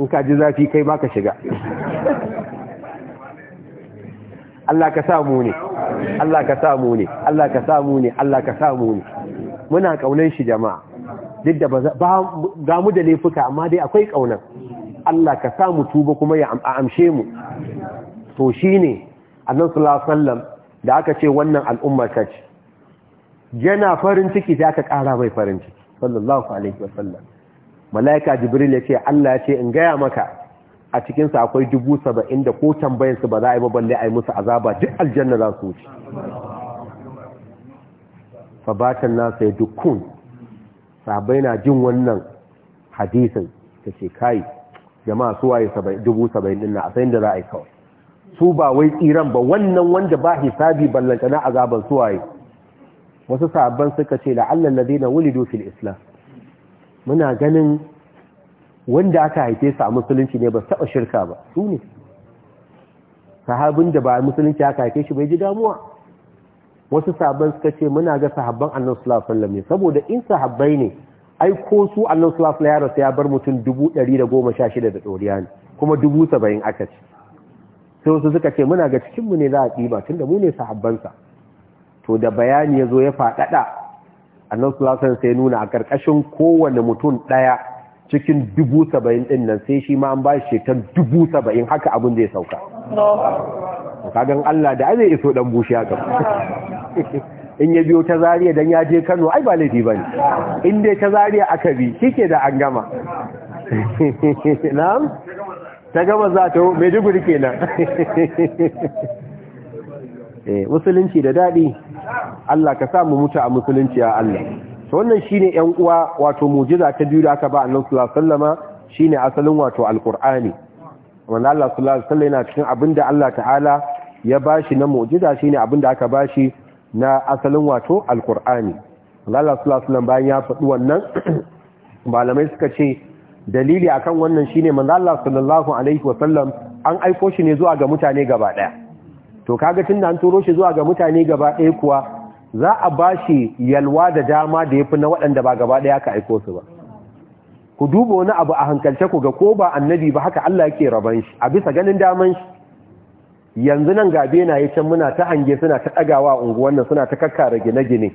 in ka ji zafi kai ba ka shiga Allah ka samu ne Allah ka samu ne Allah ka samu ne Allah ka samu ne muna kaunan shi jama'a duk da ba mu da laifuka amma dai akwai kaunan Allah ka samu tuba kuma ya amshe mu to shi ne sallallahu alaihi da aka ce wannan al'ummar kaci ce yana farin ciki ta aka ƙara mai farin ciki sallallahu alaihi wasallam malaika jibril ya ce Allah ya ce in gaya maka a cikin akwai dubu saba'in da ko tambayinsu ba za a yi ba a yi musu azaba duk aljanna za su wuce fabatan nasa ya dukun sabai na jin wannan hadisin ta ce kai jama'a suwaye dubu saba'in din a sayin da za a yi kawai su ba wai tsiran ba wannan wanda ba hisabi ballanta na azaban suwaye wasu sabon suka ce la'allan zina wuli fil islam muna ganin wanda aka haife su a musulunci ne ba taɓa shirka ba su ne sahabin da ba a musulunci aka haife shi bai ji damuwa wasu sabon suka ce muna ga sahabban annan sulafin ne saboda in sahabbai ne ai ko su annan sulafin ya rasu ya bar mutum dubu ɗari da goma sha shida da ɗoriya ne kuma dubu saba'in aka ce sai wasu suka ce muna ga cikinmu ne za a ɗiba da mu ne sahabbansa to da bayani ya zo ya faɗaɗa annan sulasan sai nuna a ƙarƙashin kowane mutum ɗaya cikin dubu saba'in ɗin nan sai shi ma an ba shi ta dubu saba'in haka abin zai sauka kagan Allah da zai iso ɗan bushe haka in ya biyo ta zariya don ya je kano ai ba laifi ba ne in dai ta zariya aka bi shi da an gama na'am ta gaba za ta maiduguri kenan eh, musulunci da daɗi Allah ka samu mutu a musulunci a Allah ta wannan shi yan uwa wato mujiza ta biyu da aka ba annabi sallallahu sallama shi ne asalin wato alqur'ani wanda Allah sallallahu alaihi yana cikin abinda Allah ta'ala ya bashi na mujiza ne abinda aka bashi na asalin wato alqur'ani Allah sallallahu alaihi bayan ya faɗi wannan malamai suka ce dalili akan wannan shine manzo Allah sallallahu alaihi wa sallam an aiko shi ne zuwa ga mutane gaba daya to kaga da an turo shi zuwa ga mutane gaba daya kuwa za a bashi yalwa da dama da yafi na waɗanda ba gaba daya ka aiko su ba ku duba wani abu a hankalce ku ga ko ba annabi ba haka Allah yake raban shi a bisa ganin daman shi yanzu nan gabe na yi can muna ta hange suna ta ɗagawa unguwan nan suna ta kakkara gine-gine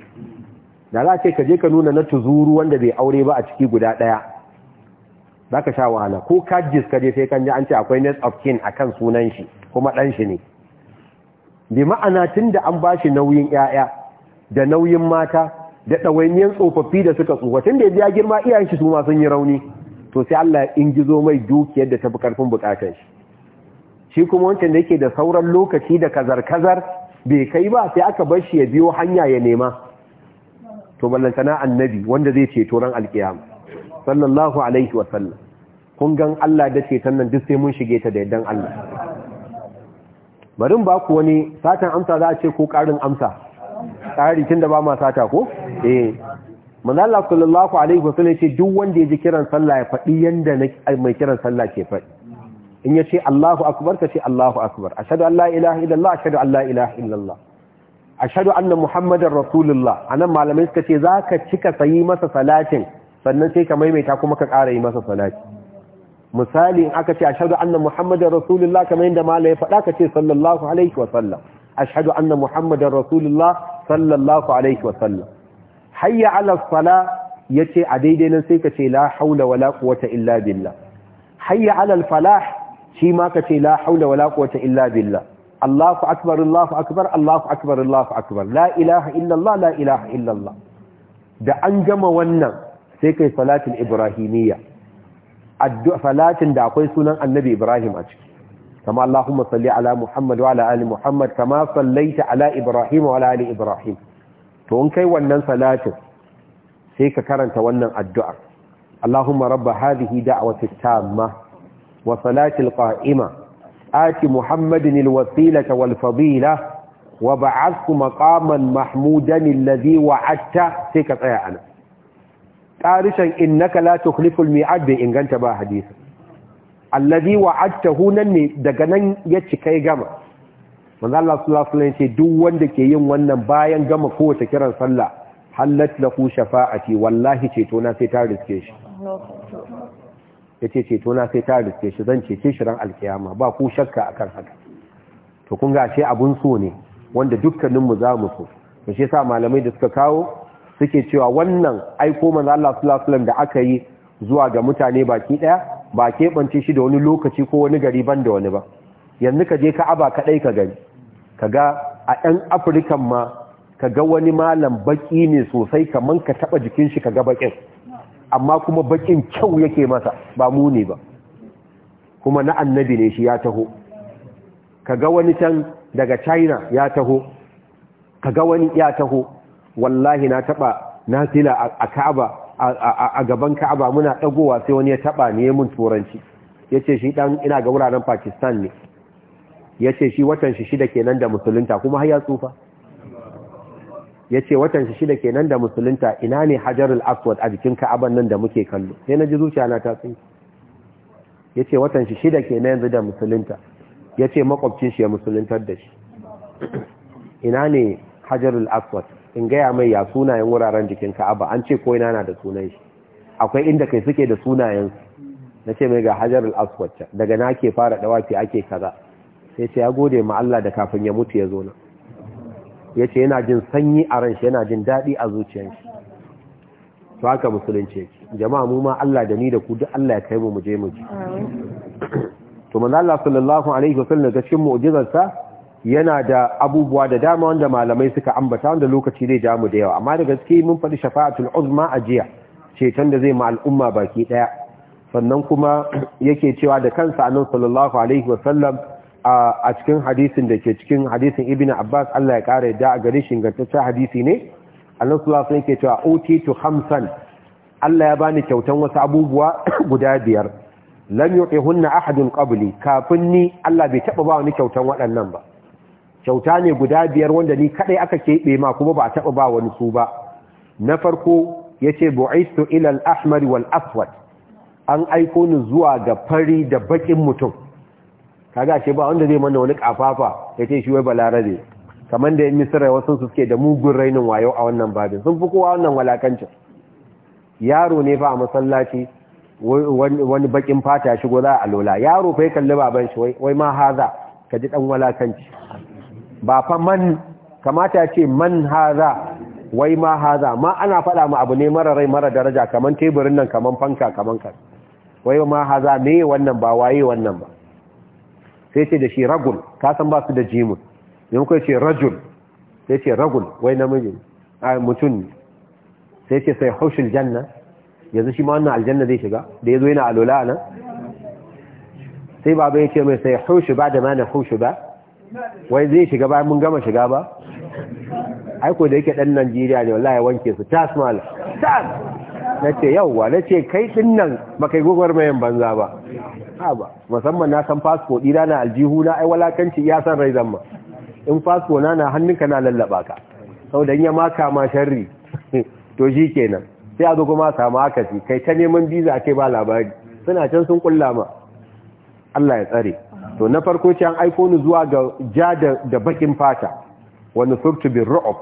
da za ka je ka nuna na tuzuru wanda bai aure ba a ciki guda ɗaya za ka sha wahala ko kajis ka je sai kan an ce akwai net of kin akan sunan shi kuma ɗan shi ne bi ma'ana tun da an bashi nauyin 'ya'ya da nauyin mata da ɗawainiyar tsofaffi da suka tsufa tun da ya girma iyayen shi su ma sun yi rauni to sai Allah in gizo mai dukiyar da fi karfin bukatar shi shi kuma wancan da yake da sauran lokaci da kazar-kazar bai kai ba sai aka bar shi ya biyo hanya ya nema to ballantana annabi wanda zai ceto ran alkiyama sallallahu alaihi wa sallam kun gan Allah da ce nan duk sai mun shige ta da yardan Allah barin ba ku wani satan amsa za a ce ko ƙarin amsa tsari tun da ba ma sata ko eh manzala sallallahu alaihi wasallam ce duk wanda ya ji kiran sallah ya faɗi yanda mai kiran sallah ke faɗi in ya ce Allahu akbar ka ce Allahu akbar ashhadu an la ilaha illallah ashhadu an la ilaha illallah ashhadu anna muhammadar rasulullah anan malamai suka ce zaka cika sayi masa salatin sannan sai ka maimaita kuma ka ƙara yi masa salati misali in aka ce ashhadu anna muhammadar rasulullah kamar yadda mala ya faɗa ka ce sallallahu alaihi wa sallam ashhadu anna muhammadar rasulullah sallallahu alaihi wa sallam hayya ala sala yace a daidai nan sai ka ce la haula wala quwwata illa billah hayya ala al falah shi ma ka ce la haula wala quwwata illa billah allahu akbar الله akbar allahu akbar الله akbar la ilaha illa allah la ilaha illa allah da an gama wannan sai kai salatul ibrahimiyya addu'a da akwai sunan annabi Ibrahim a ciki kama Allahumma salli ala Muhammad wa ala ali Muhammad kama sallaita ala Ibrahim wa ala ali Ibrahim to in kai wannan salatin sai ka karanta wannan addu'a Allahumma rabba hadhihi da'wati tamma wa salati al-qa'ima آت محمد الوسيلة والفضيلة وبعثك مقاما wa'atta sai ka tsaya ana. ƙarishan innaka la tukhliful mi'ad bai inganta ba hadisi allazi wa'adtahu nan ne daga nan ya cika gama manzo Allah sallallahu alaihi ce duk wanda ke yin wannan bayan gama kowace kiran sallah hallat lahu shafa'ati wallahi cetona na sai ta riske shi yace ce na sai ta riske shi zan ce shi ran alkiyama ba ku shakka akan haka to kun ga abun so ne wanda dukkaninmu za mu so to shi yasa malamai da suka kawo suke cewa wannan aiko mana Allah sallallahu alaihi da aka yi zuwa ga mutane baki daya ba keɓance shi da wani lokaci ko wani gari ban da wani ba yanzu ka je ka'aba kaɗai ka gani kaga a ɗan afirkan ma kaga wani malam baki ne sosai kaman ka taba jikin shi kaga bakin amma kuma bakin kyau yake masa ba muni ba kuma na annabi ne shi ya taho kaga wani can daga china ya taho kaga wani ya taho wallahi na taba tila a Ka'aba a gaban Ka'aba muna dagowa sai wani ya taba ne mun turanci yace shi dan ina ga wuraren Pakistan ne yace shi watan shi shida kenan da musulunta kuma har ya tsufa yace watan shi shida kenan da musulunta ina ne Hajarul Aswad a jikin Ka'aban nan da muke kallo sai na ji zuciya na ta tsinki yace watan shi shida kenan yanzu da musulunta yace makwabcin shi ya musuluntar da shi ina ne Hajarul Aswad in gaya mai ya sunayen wuraren jikin ka'aba an ce ko na da sunan shi akwai inda kai suke da sunayen na ce mai ga hajar al'aswad daga na ke fara dawafi ake kaza sai ce ya gode ma Allah da kafin ya mutu ya zo na ya ce yana jin sanyi a ran shi yana jin daɗi a zuciyar shi to haka musulunci jama'a mu ma Allah da ni da ku duk Allah ya kai mu mu je mu ji to manzo Allah sallallahu alaihi wasallam ga cikin mu'jizarsa yana da abubuwa da dama wanda malamai suka ambata wanda lokaci zai jamu da yawa amma da gaske mun faɗi shafa'atul uzma a jiya ceton da zai ma al'umma baki ɗaya sannan kuma yake cewa da kansa annabi sallallahu alaihi wa sallam a cikin hadisin da ke cikin hadisin ibn abbas Allah ya kare da a garin shi ta hadisi ne annabi sallallahu alaihi yake cewa tu khamsan Allah ya bani kyautan wasu abubuwa guda biyar lam yuqihunna ahadun qabli kafin ni Allah bai taba ba wani kyautan waɗannan ba kyauta ne guda biyar wanda ni kadai aka keɓe ma kuma ba a taɓa ba wani su ba na farko yace ce bu'istu ilal ahmar wal aswad an aiko ni zuwa ga fari da bakin mutum kaga ce ba wanda zai mana wani kafafa ya ce shi wai balarabe kamar da misira wasu suke da mugun rainin wayo a wannan babin sun fi kowa wannan walakancin yaro ne fa a masallaci wani bakin fata shigo za a lola yaro fa ya kalli baban shi wai ma haza ka ji dan walakanci ba fa man kamata ya ce man haza wai ma haza ma ana faɗa ma abu ne mara rai mara daraja kaman teburin nan kaman fanka kaman kan wai ma haza me wannan ba waye wannan ba sai ce da shi ragul ka san ba su da jimun yin kai ce rajul sai ce ragul wai namiji a mutum sai ce sai haushul janna yanzu shi ma wannan aljanna zai shiga da yazo yana alola nan sai baba ya ce mai sai haushu ba da mana haushu ba wai zai shiga bayan mun gama shiga ba aiko da yake dan Najeriya ne wallahi wanke su tas mal tas nace yauwa nace kai din nan kai yi banza ba ha ba musamman na san fasfo dina na aljihu na ai walakanci ya san rai zan ma in passport na na hannunka na lallaba ka saboda in ya maka ma sharri to kenan sai a zo kuma samu akasi kai ta neman visa kai ba labari suna can sun kulla ma Allah ya tsare to na farko ce an aiko ni zuwa ga ja da bakin fata wani surtu bin ru'ub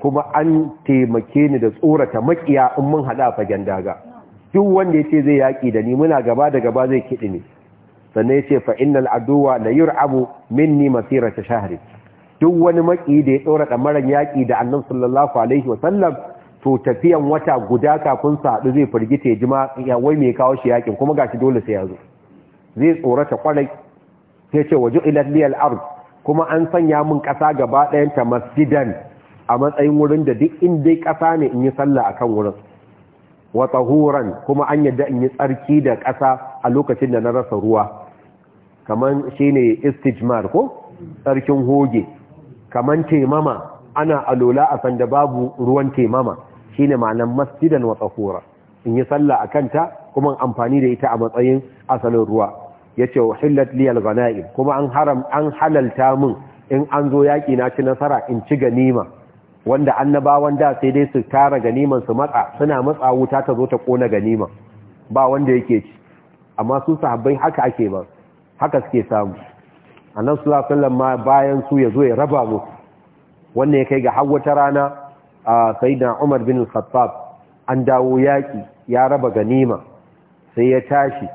kuma an taimake ni da tsorata makiya in mun hada fagen daga duk wanda ya ce zai yaki da ni muna gaba da gaba zai kidi ni sannan yace fa innal aduwa la yur'abu minni ta shahri duk wani maki da ya tsora maran yaƙi da annabi sallallahu alaihi wa to tafiyan wata guda kafin sa haɗu zai firgita ya jima wai me kawo shi yakin kuma gashi dole sai ya zo zai tsorata kwarai sai ce waje ilalliyar arz kuma an sanya mun kasa gaba ɗayanta masjidan a matsayin wurin da duk inda ƙasa ne in yi sallah a kan wurin wa tsahuran kuma an yadda in yi tsarki da kasa a lokacin da na rasa ruwa kamar shi ne istijmar ko tsarkin hoge kaman temama ana alola a sanda babu ruwan temama shine ne ma'anar masjidan wa tsahuran in yi sallah a kanta kuma amfani da ita a matsayin asalin ruwa Ya ce wa hillat liyal ghanaim kuma an haram an halalta mun in an zo yaƙi na ci nasara in ci ganima wanda annabawan da sai dai su tara ganiman su matsa suna matsa wuta ta zo ta kona ganima ba wanda yake ci amma su sahabbai haka ake ba haka suke samu annabi sallallahu alaihi wasallam bayan su yazo ya raba mu wannan ya kai ga hawwata rana a sayyidina Umar bin Al-Khattab an dawo yaƙi, ya raba ganima sai ya tashi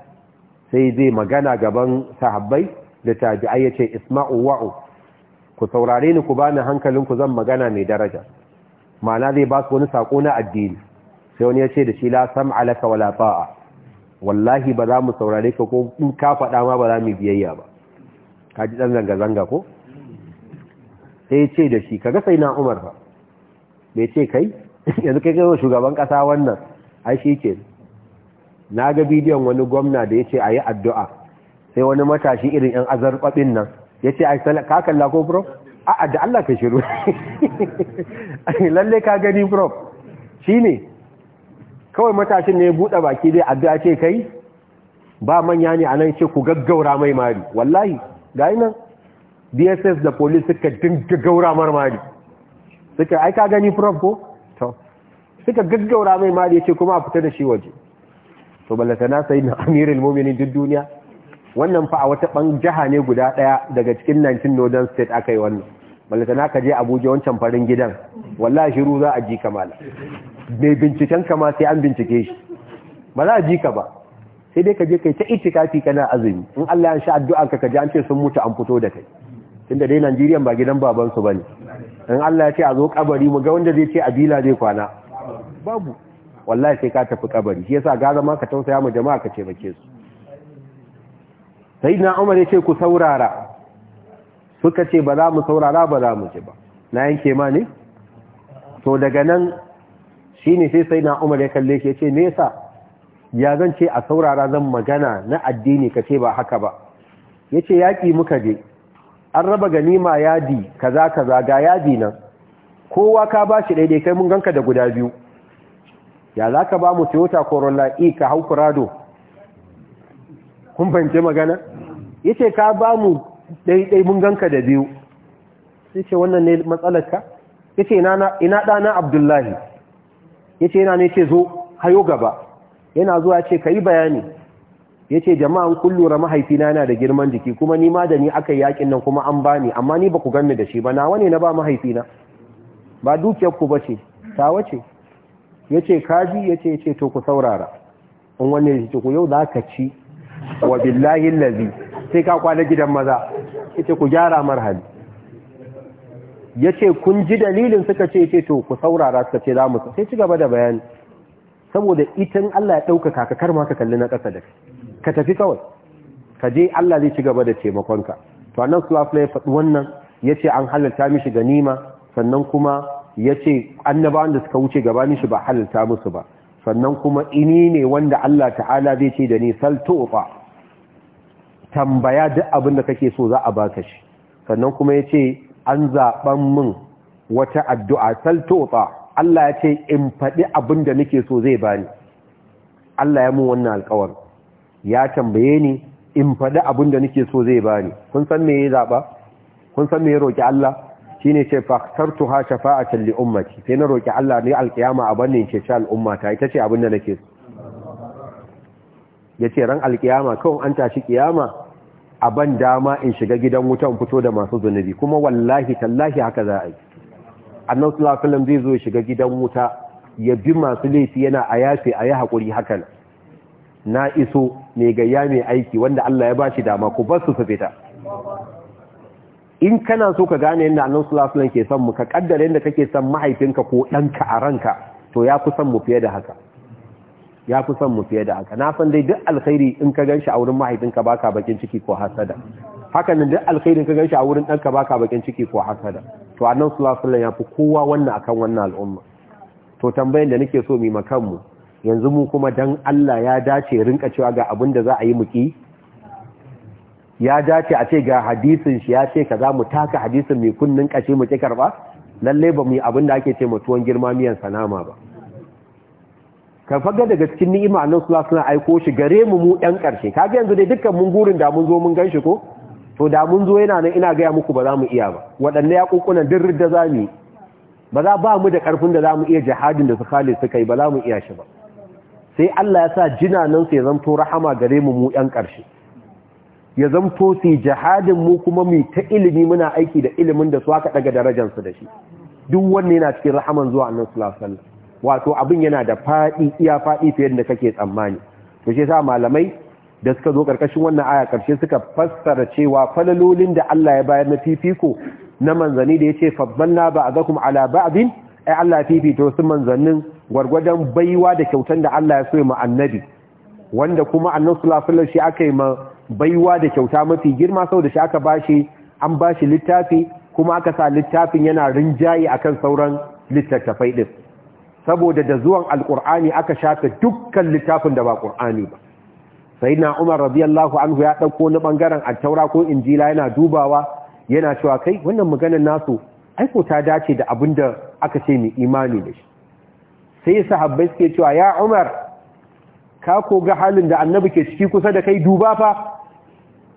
sai zai magana gaban sahabbai da tabi'ai yace isma'u wa'u ku saurare ni ku bani hankalin ku zan magana mai daraja ma'ana zai ba su wani sako na addini sai wani yace da shi la sam'a laka wala ta'a wallahi ba za mu saurare ka ko in ka faɗa ma ba za mu biyayya ba ka ji dan zanga zanga ko sai ce da shi kaga sai na Umar fa bai ce kai yanzu kai ga shugaban kasa wannan ai shi ke na ga bidiyon wani gwamna da ya ce a yi addu'a sai wani matashi irin ‘yan azarɓaɓin nan ya ce a ka kalla ko prof? a da Allah ka shiru lalle ka gani prof shi ne kawai matashin ne ya buɗe baki dai addu'a ce kai ba manya ne a nan ce ku gaggaura mai mari wallahi ga nan dss da police suka dinga gaura mari, suka aika gani prof ko? suka gaggaura mai mari ya ce kuma a fita da shi waje to ballata na sayi na amirin mominin duk duniya wannan fa a wata ban jiha ne guda ɗaya daga cikin 19 northern state aka yi wannan ballata na ka je abuja wancan farin gidan wallahi shiru za a ji kamala mai binciken kama sai an bincike shi ba za a ji ka ba sai dai ka je kai ta itikafi kana azumi in Allah ya sha addu'a ka kaje an ce sun mutu an fito da kai tunda dai Najeriya ba gidan baban su bane in Allah ya ce a zo kabari mu ga wanda zai ce abila zai kwana babu wallahi sai ka tafi kabari shi yasa ga zama ka tausaya mu jama'a ka ce bake su sayyidina umar ya ce ku saurara suka ce ba za mu saurara ba za mu ji ba na yanke ma ne to daga nan shine sai sayyidina umar ya kalle shi ya ce me yasa ya zan ce a saurara zan magana na addini ka ce ba haka ba ya ce yaƙi muka je an raba ganima yadi kaza kaza ga yadi nan kowa ka bashi daidai kai mun ganka da guda biyu ya za ka ba mu toyota corolla e ka hau prado kun fahimci magana ya ce ka ba mu ɗaiɗai mun ganka da biyu sai ce wannan ne matsalarka ya ce ina ɗana abdullahi ya ce yana ne ce zo hayo gaba yana zuwa ce ka yi bayani ya ce jama'an kullura mahaifina yana da girman jiki kuma ni ma da ni aka yakin nan kuma an bani amma ni ba ku ganni da shi ba nawa ne na ba mahaifina ba dukiyarku ba ce tawa ce yace kaji yace ce to ku saurara in wannan ce ku yau zaka ci wa billahi lalzi sai ka kwana gidan maza ce ku gyara marhali yace kun ji dalilin suka ce ce to ku saurara suka ce za mu sai ci gaba da bayani saboda itan Allah ya dauka kaka kar ma ka kalli na kasa da ka tafi kawai ka je Allah zai ci gaba da taimakonka to annabi sallallahu ya faɗi wannan ya ce an halarta mishi ganima sannan kuma ya ce annabawan da suka wuce gabanin shi ba halalta musu ba sannan kuma ini ne wanda Allah ta'ala zai ce da ni saltofa tambaya duk abin da kake so za a baka shi sannan kuma ya ce an zaɓan min wata addu'a saltofa Allah ya ce in faɗi abin da nake so zai bani Allah ya mun wannan alkawar ya tambaye ni in faɗi abin da nake so zai bani kun san me ya zaɓa kun san me ya roƙi Allah shine ce faktartuha shafa'atan li ummati sai na roki Allah ne alkiyama a bannin ce ta al'umma ita ce abin da nake yace ran alkiyama kawai an tashi kiyama a ban dama in shiga gidan wutan fito da masu zunubi kuma wallahi tallahi haka za a yi annabi sallallahu alaihi wasallam zai zo shiga gidan wuta ya bi masu laifi yana a yafe a yi hakuri haka na iso mai gayya mai aiki wanda Allah ya bashi dama ku bar su su fita in kana so ka gane yadda annabi sallallahu alaihi ke son mu ka kaddara yadda kake son mahaifinka ko ɗanka a ranka to ya fi son mu fiye da haka ya fi son mu fiye da haka na san dai duk alkhairi in ka ganshi a wurin mahaifinka baka bakin ciki ko hasada haka nan duk alkhairin ka ganshi a wurin ɗanka baka bakin ciki ko hasada to annabi sallallahu alaihi ya fi kowa wannan akan wannan al'umma to tambayar da nake so mu makan mu yanzu mu kuma dan Allah ya dace rinka cewa ga abin da za a yi muki ya dace a ce ga hadisin shi ya ce kaza mu taka hadisin mai kunnen kashe mu ki karba lalle ba mu yi abin da ake ce mutuwan girma miyan sanama ba ka faga daga cikin ni'ima annabi aiko shi gare mu mu ɗan ƙarshe kaga yanzu dai dukkan mun gurin da mun zo mun ganshi ko to da mun zo yana nan ina gaya muku ba za mu iya ba waɗanne ya kokunan da za mu ba za ba mu da ƙarfin da za mu iya jihadin da su Khalid suka yi ba za mu iya shi ba sai Allah ya sa jina su ya zanto rahama gare mu mu ɗan ƙarshe ya zamto su jihadin mu kuma mu ta ilimi muna aiki da ilimin da su aka daga darajansu su da shi duk wanne yana cikin rahaman zuwa annan sulasal wato abin yana da faɗi iya fadi fiye da kake tsammani to shi yasa malamai da suka zo karkashin wannan aya karshe suka fassara cewa falalolin da Allah ya bayar na fifiko na manzani da yace ga kuma ala ba'din ai Allah ya fifito su manzannin gwargwadon baiwa da kyautan da Allah ya so ma annabi wanda kuma annabi sallallahu alaihi shi aka yi ma baiwa da kyauta mafi girma saboda shi aka bashi an bashi littafi kuma aka sa littafin yana rinjaye akan sauran littattafai ɗin, saboda da zuwan alkur'ani aka shafe dukkan littafin da ba qur'ani ba sayyidina umar radiyallahu anhu ya ɗauko na bangaren at-taura ko injila yana dubawa yana cewa kai wannan maganar nasu aiko ta dace da abin da aka ce mai imani da shi sai sahabbai suke cewa ya umar ka ko ga halin da annabi ke ciki kusa da kai duba fa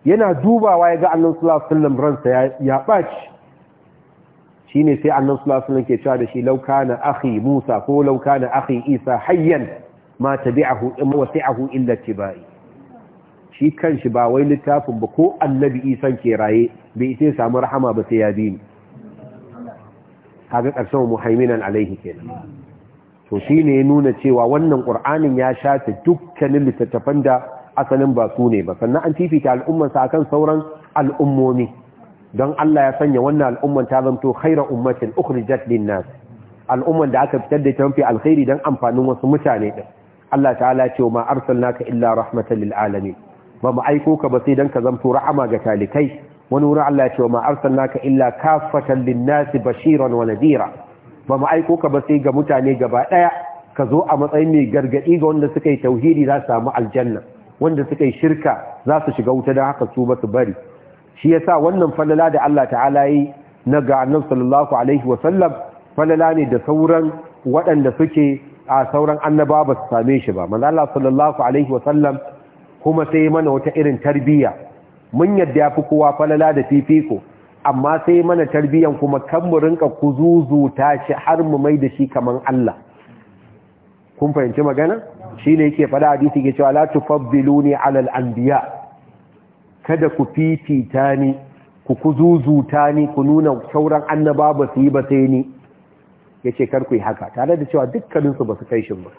yana dubawa ya ga annan sulasulun ransa ya ɓaci shi ne sai annan sulasulun ke cewa da shi lauka na ahi musa ko lauka na ahi isa hayyan ma ta bi'ahu in wasi'ahu illa bai. shi kan shi ba wai littafin ba ko annabi isan ke raye bai ya samu rahama ba sai ya bi ni kaga ƙarshen muhaiminan alaihi kenan to shi ne ya nuna cewa wannan ƙur'anin ya shafe dukkanin littattafan da asalin ba su ne ba sannan an fifita al'ummarsa akan sauran al'ummomi don Allah ya sanya wannan al'umman ta zamto khaira ummatin ukhrijat lin al'umman da aka fitar da ta mafi alkhairi don amfanin wasu mutane din Allah ta'ala ce ma arsalnaka illa rahmatan lil alamin ba mu aiko ka ba sai don ka zamto rahama ga talikai wani wurin Allah ya ce ma arsalnaka illa kaffatan lin bashiran wa nadira ba mu aiko ka ba sai ga mutane gaba daya ka zo a matsayin mai gargadi ga wanda suka yi tauhidi za su samu aljanna wanda suka yi shirka za su shiga wuta don haka su ba su bari shi ya sa wannan falala da Allah ta'ala yi na ga annan sallallahu alaihi wa falala ne da sauran waɗanda suke a sauran annaba ba su same shi ba manzo Allah sallallahu alaihi wa kuma sai mana wata irin tarbiyya mun yadda ya fi kowa falala da fifiko amma sai mana tarbiyyan kuma kan mu rinka ta shi har mu mai da shi kaman Allah kun fahimci magana shi ne yake faɗa hadisi ke cewa la tufaddiluni alal anbiya kada ku fifita ni ku kuzuzuta ni ku nuna sauran annaba ba su yi ba sai ni yace kar ku yi haka tare da cewa dukkaninsu ba su kai shi ba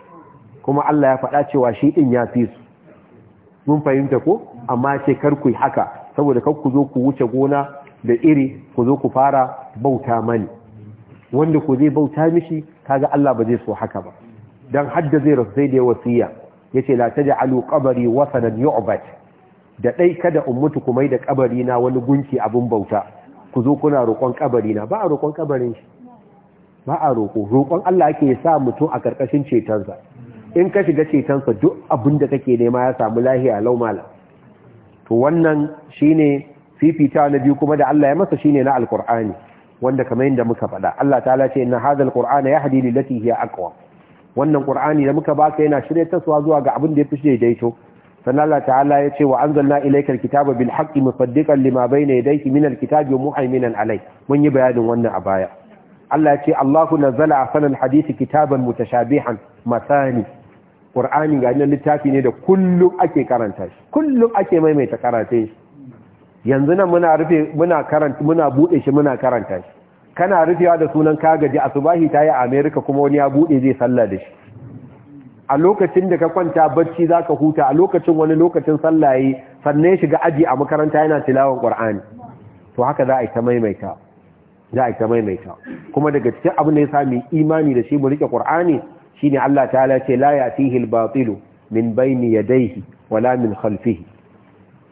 kuma Allah ya faɗa cewa shi din ya fi su mun fahimta ko amma ce kar ku yi haka saboda kar ku zo ku wuce gona da iri ku zo ku fara bauta mani wanda ku zai bauta mishi kaga Allah ba zai so haka ba Don hadda zai rasu sai da wasiya yace la taj'alu qabri wasanan yu'bad da dai kada ummutu kuma da kabari na wani gunki abun bauta ku zo kuna roƙon kabari na ba a roƙon kabarin shi ba a roƙo roƙon Allah ke sa mutum a ƙarƙashin cetonsa in ka shiga cetonsa duk abin da kake nema ya samu lahiya lau malam to wannan shine fifita na biyu kuma da Allah ya masa shine na alqur'ani wanda kamar yadda muka faɗa Allah ta'ala ce inna hadha alqur'ana yahdi lillati hiya aqwa wannan qur'ani da muka baka yana shiryatarwa zuwa ga abin da yafi daidaito sannan Allah ta'ala ya ce wa anzalna ilaykal kitaba bil haqqi musaddiqan lima bayna yadayhi min al kitabi wa muhaiminan alai mun yi bayanin wannan a baya Allah ya ce Allahu nazzala a sanan hadisi kitaban mutashabihan masani qur'ani ga nan littafi ne da kullum ake karanta shi kullum ake maimaita karanta shi yanzu nan muna rufe muna karanta muna bude shi muna karanta shi kana rufewa da sunan ka gaji subahi ta yi a Amerika kuma wani ya buɗe zai sallah da shi a lokacin da ka kwanta barci za ka huta a lokacin wani lokacin sallaye sannan ya shiga aji a makaranta yana tilawan ƙwar'ani to haka za a yi ta maimaita za a yi maimaita kuma daga cikin abin da ya sami imani da shi mu riƙe ƙwar'ani shine Allah ta'ala ce la ya al-batilu min bayni yadaihi wala min khalfihi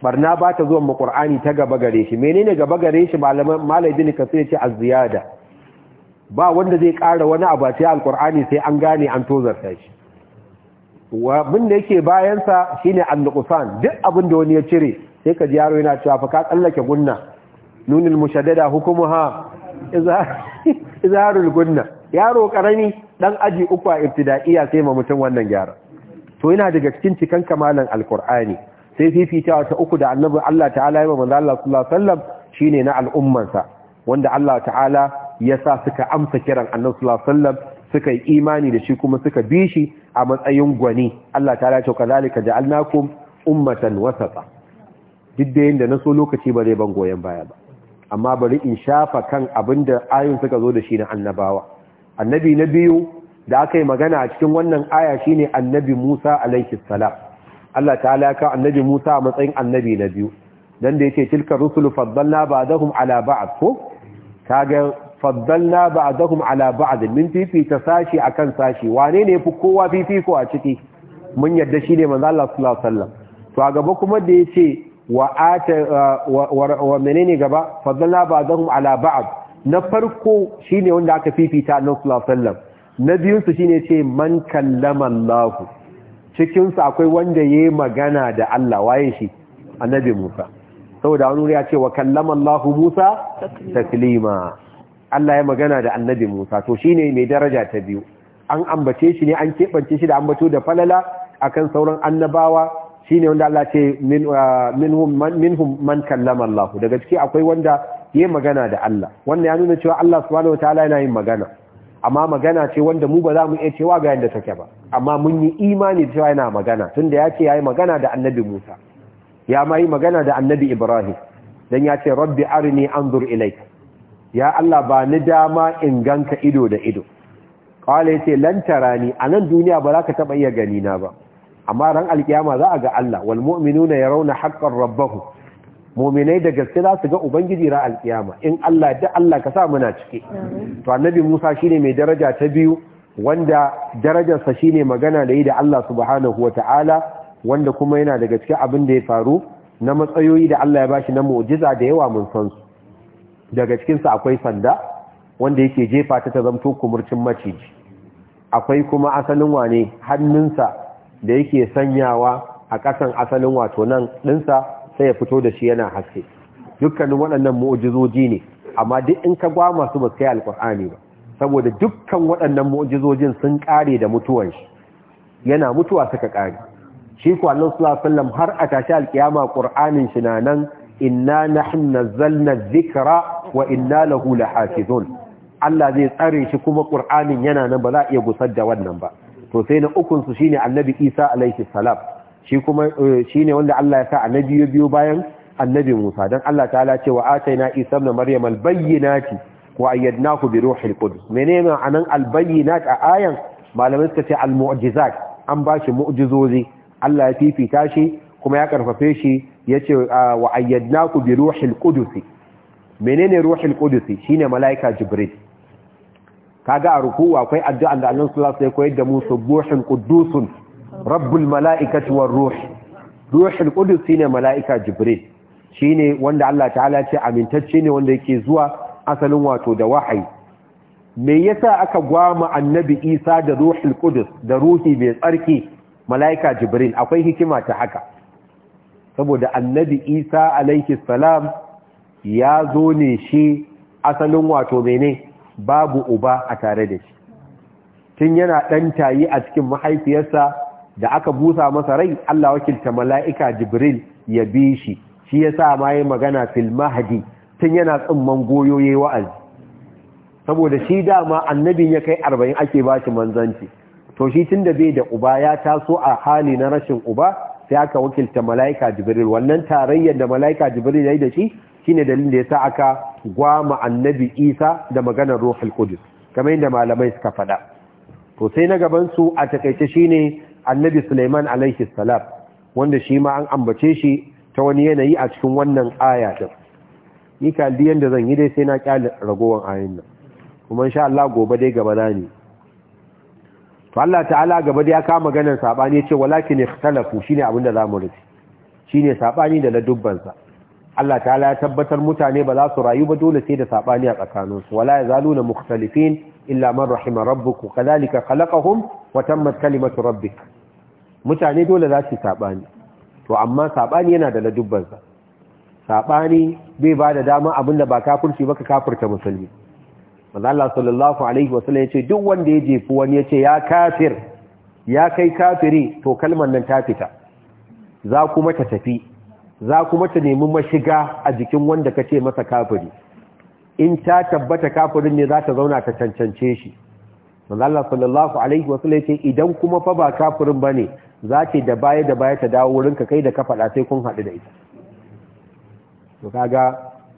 barna ba ta zuwan makur'ani ta gaba gare shi menene gaba gare shi malai ka sai ce az-ziyada ba wanda zai ƙara wani abu sai Alƙur'ani sai an gane an tozarta shi wa da yake bayan sa shine an duk abin da wani ya cire sai ka ji yaro yana cewa fa ka tsallake gunna Nunin mushaddada hukumuha izharul gunna yaro karami dan aji uku a ibtidaiya sai ma mutum wannan gyara to yana daga cikin cikan kamalan alqur'ani sai fifita ta uku da annabi Allah ta'ala ya manzo Allah sallallahu alaihi wasallam shine na al'ummansa wanda Allah ta'ala ya sa suka amsa kiran annabi sallallahu alaihi wasallam suka yi imani da shi kuma suka bi shi a matsayin gwani Allah ta'ala ya ce kazalika ja'alnakum ummatan wasata duk da na so lokaci ba zai ban goyen baya ba amma bari in shafa kan abinda ayoyin suka zo da shi na annabawa annabi na biyu da aka yi magana a cikin wannan aya shine annabi Musa alaihi salam Allah ta ya annabi Musa a matsayin annabi na biyu dan da yake tilka rusulu faddalna ba'dahum ala ba'd ko kaga faddalna ba'dahum ala ba'd min fifita sashi akan sashi wane ne fi kowa fifiko a ciki mun yadda shine manzo Allah sallallahu alaihi wasallam to a gaba kuma da yace wa ata uh, wa menene gaba faddalna ba'dahum ala ba'd na farko shine wanda aka fifita annabi sallallahu alaihi wasallam na biyun su shine ce man kallama Allah cikinsu akwai wanda ya yi magana da Allah waye shi annabi Musa saboda wani ya ce wa kallaman Musa taklima Allah ya magana da annabi Musa to shine mai daraja ta biyu an ambace shi ne an keɓance shi da ambato da falala akan sauran annabawa shine wanda Allah ce uh, minhum man kallaman daga ciki akwai wanda ya magana da Allah wannan ya nuna cewa Allah subhanahu wataala yana yin magana amma magana ce wanda mu ba za mu iya cewa ga yadda take ba amma mun yi imani cewa yana magana tunda ya ce ya yi magana da annabi musa ya ma yi magana da annabi ibrahim Dan ya ce rabbi arini anzur ilaik ya allah ba ni dama in ganka ido da ido kawai ya ce lantara ni a nan duniya ba za ka taɓa iya gani na ba amma ran alkiyama za a ga allah wal mu'minuna yarawna haqqan rabbahu Mominai da gaske za su ga ubangiji ra alkiyama in Allah da Allah ka sa muna cike to annabi Musa shine mai daraja ta biyu wanda darajarsa shine magana da yi da Allah subhanahu ta'ala, wanda kuma yana daga cikin abin da ya faru na matsayoyi da Allah ya bashi na mu'jiza da yawa mun san su daga cikinsa akwai sanda wanda yake jefa ta ta zamto kumurcin maciji akwai kuma asalin wane hannunsa da yake sanyawa a kasan asalin wato nan ɗinsa sai ya fito da shi yana haske dukkanin waɗannan mu'ujizoji ne amma duk in ka gwama su ba sai Alƙur'ani ba saboda dukkan waɗannan mu'ujizojin sun kare da mutuwan shi yana mutuwa suka kare shi ko Allah sallallahu alaihi har a tashi alkiyama qur'anin shi na nan inna nahnu nazzalna dhikra wa inna lahu lahafizun Allah zai tsare shi kuma qur'anin yana nan ba za a iya gusar da wannan ba to sai na ukun su shine annabi Isa alaihi salam shi kuma eh, shine wanda Allah ya sa a nabiyo biyo bayan annabi Musa dan Allah ta ala ce wa ataina Isa ibn Maryam albayyinati wa ayyadnahu bi ruhil qudus menene anan al a ayan malamai suka ce almu'jizat an an shi mu'jizozi Allah ya fifita shi kuma ya karfafe shi Ya ce ah, wa ayyadnahu bi ruhil qudus menene ruhul qudus shine malaika jibril kaga a ruku akwai addu'a da Allah sallallahu alaihi wasallam ya koyar da mu subuhun qudusun rabbul mala’ikatu war ruh ruhul qudus shine mala'ika jibril shine wanda Allah ta'ala ce amintacce ne wanda yake zuwa asalin wato da wahayi me yasa aka gwama annabi Isa da ruhul qudus da ruhi mai tsarki mala'ika jibril akwai hikima ta haka saboda annabi Isa alaihi salam ya zo ne shi asalin wato mene babu uba a tare da shi tun yana ɗan tayi a cikin mahaifiyarsa da aka busa masa rai Allah wakilta mala'ika Jibril ya bi shi shi ya sa ma yi magana fil mahadi tun yana tsinman goyoye wa'azi saboda shi dama annabin ya kai arba'in ake ba shi manzanci to shi tun da bai da uba ya taso a hali na rashin uba sai aka wakilta mala'ika Jibril wannan tarayyar da mala'ika Jibril ya yi da shi shine dalilin da ya sa aka gwama annabi Isa da maganar Ruhul kudus kamar yadda malamai suka faɗa to sai na gaban su a takaice shine annabi Sulaiman alaihi salam wanda shi ma an ambace shi ta wani yanayi a cikin wannan aya din ni kalli yanda zan yi dai sai na kyale ragowan ayin nan kuma insha Allah gobe dai gaba na ne to Allah ta'ala gaba dai ya kama maganar sabani ce walakin ikhtalafu shine abinda zamu rufe shine sabani da ladubban sa Allah ta'ala ya tabbatar mutane ba za su rayu ba dole sai da sabani a tsakaninsu wala na mukhtalifin illa man rahima rabbuka kadhalika khalaqahum wa tammat kalimatu rabbik mutane dole za su sabani to amma sabani yana da ladubban sa sabani bai da dama abinda ba kafirci ba ka kafirta musulmi manzo Allah sallallahu alaihi wasallam yace duk wanda ya jefu wani yace ya kafir ya kai kafiri to kalmar nan ta fita za kuma ta tafi za kuma ta nemi mashiga a jikin wanda ka ce masa kafiri in ta tabbata kafirin ne za ta zauna ta cancance shi Allah sallallahu alaihi wasallam yace idan kuma fa ba kafirin bane za ta da baya da baya ta dawo wurin ka kai da ka fada sai kun haɗu da ita to kaga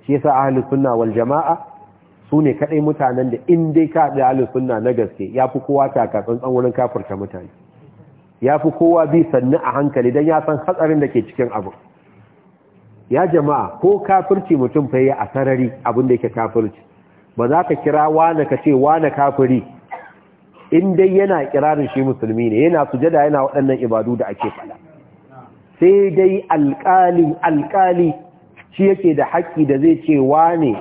shi yasa ahlus sunna wal jamaa su ne kadai mutanen da in dai ka da ahlus sunna na gaske yafi kowa taka tsantsan wurin kafirta mutane yafi kowa bi sannu a hankali dan ya san hatsarin da ke cikin abu ya jama'a ko kafirci mutum fa yi a sarari abinda yake kafirci ba za ka kira wane ka ce wane kafiri in dai yana kirarin shi musulmi ne yana sujada yana waɗannan ibadu da ake faɗa sai dai alƙali alƙali shi yake da haƙƙi da zai ce wane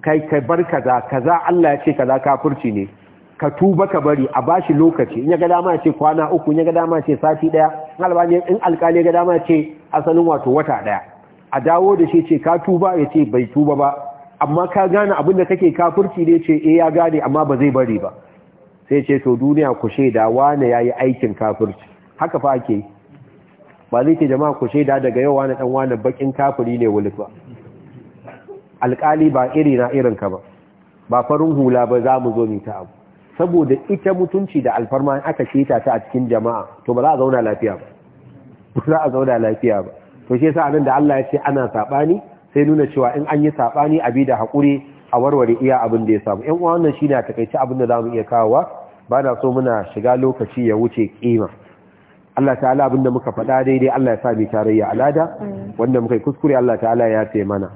kai ka bar kaza kaza Allah ya ce kaza kafirci ne ka tuba ka bari a bashi lokaci in ya ga dama ya ce kwana uku in ya ga dama ya ce sati daya in alƙali ya ga dama ya ce asalin wato wata daya a dawo da shi ce ka tuba ya ce bai tuba ba amma ka gane abin da kake kafirci ne ce eh ya gane amma ba zai bari ba sai ce to duniya ku shaida wane yayi aikin kafirci haka fa ake ba zai ce jama'a ku shaida daga yau wani dan wani bakin kafiri ne wulif ba alƙali ba iri na irin ka ba ba farin hula ba za mu zo mu ta abu saboda ita mutunci da alfarma aka shita ta a cikin jama'a to ba za a zauna lafiya ba za a zauna lafiya ba to shi yasa anan da Allah ya ce ana sabani sai nuna cewa in an yi sabani abi da hakuri a warware iya abin da ya samu 'Yan uwan nan shine a abin da zamu iya kawowa ba na so muna shiga lokaci ya wuce kima Allah ta'ala abinda muka faɗa daidai Allah ya sa mu tarayya alada wanda muka yi kuskure Allah ta'ala ya ce mana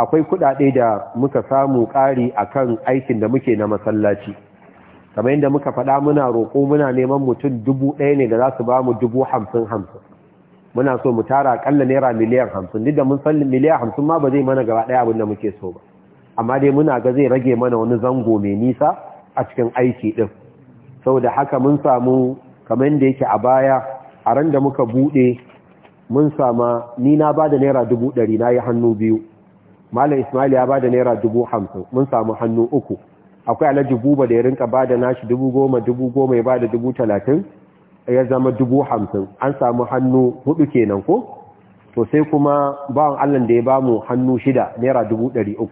akwai kuɗaɗe da muka samu ƙari akan aikin da muke na masallaci kamar yadda muka faɗa muna roƙo muna neman mutum dubu ɗaya ne da za su ba mu dubu hamsin hamsin muna so mu tara akalla naira miliyan hamsin duk da mun san miliyan hamsin ma ba zai mana gaba ɗaya abin da muke so ba amma dai muna ga zai rage mana wani zango mai nisa a cikin aiki ɗin saboda haka mun samu kamar da yake a baya a ran da muka buɗe mun sama ni na ba da naira dubu ɗari na yi hannu biyu malam ismail ya ba da naira dubu hamsin mun samu hannu uku akwai alhaji buba da ya rinka ba da nashi dubu goma dubu goma ya ba dubu talatin ya zama dubu hamsin an samu hannu hudu kenan ko to sai kuma bawan allah da ya ba mu hannu shida naira dubu ɗari uku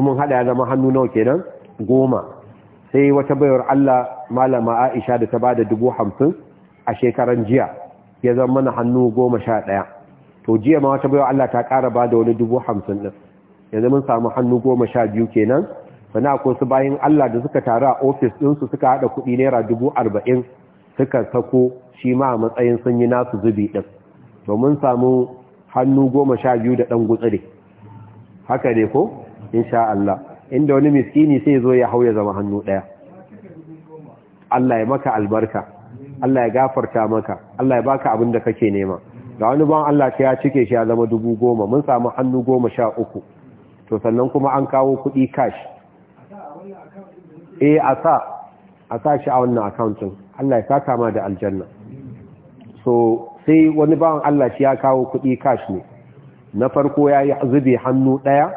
mun haɗa ya zama hannu nawa kenan goma sai wata bayar allah malama aisha da ta ba da dubu hamsin a shekaran jiya ya zama mana hannu goma sha ɗaya to jiya ma wata bayar allah ta kara ba da wani dubu hamsin ɗin yanzu mun samu hannu goma sha biyu kenan sana ko su bayan Allah da suka taru a ofis ɗinsu suka haɗa kuɗi naira dubu arba'in suka sako shi ma a matsayin sun yi nasu zubi ɗin domin samu hannu goma sha biyu da ɗan gutsire haka ne ko insha Allah inda wani miskini sai zo ya hau ya zama hannu ɗaya Allah ya maka albarka Allah ya gafarta maka Allah ya baka abin da kake nema ga wani ban Allah ta ya cike shi ya zama dubu goma mun samu hannu goma sha uku to sannan kuma an kawo kuɗi cash eh, a sa a sa shi a wannan akauntin Allah ya saka ma da aljanna so sai wani bawan Allah shi ya kawo kuɗi cash ne na farko ya yi zube hannu ɗaya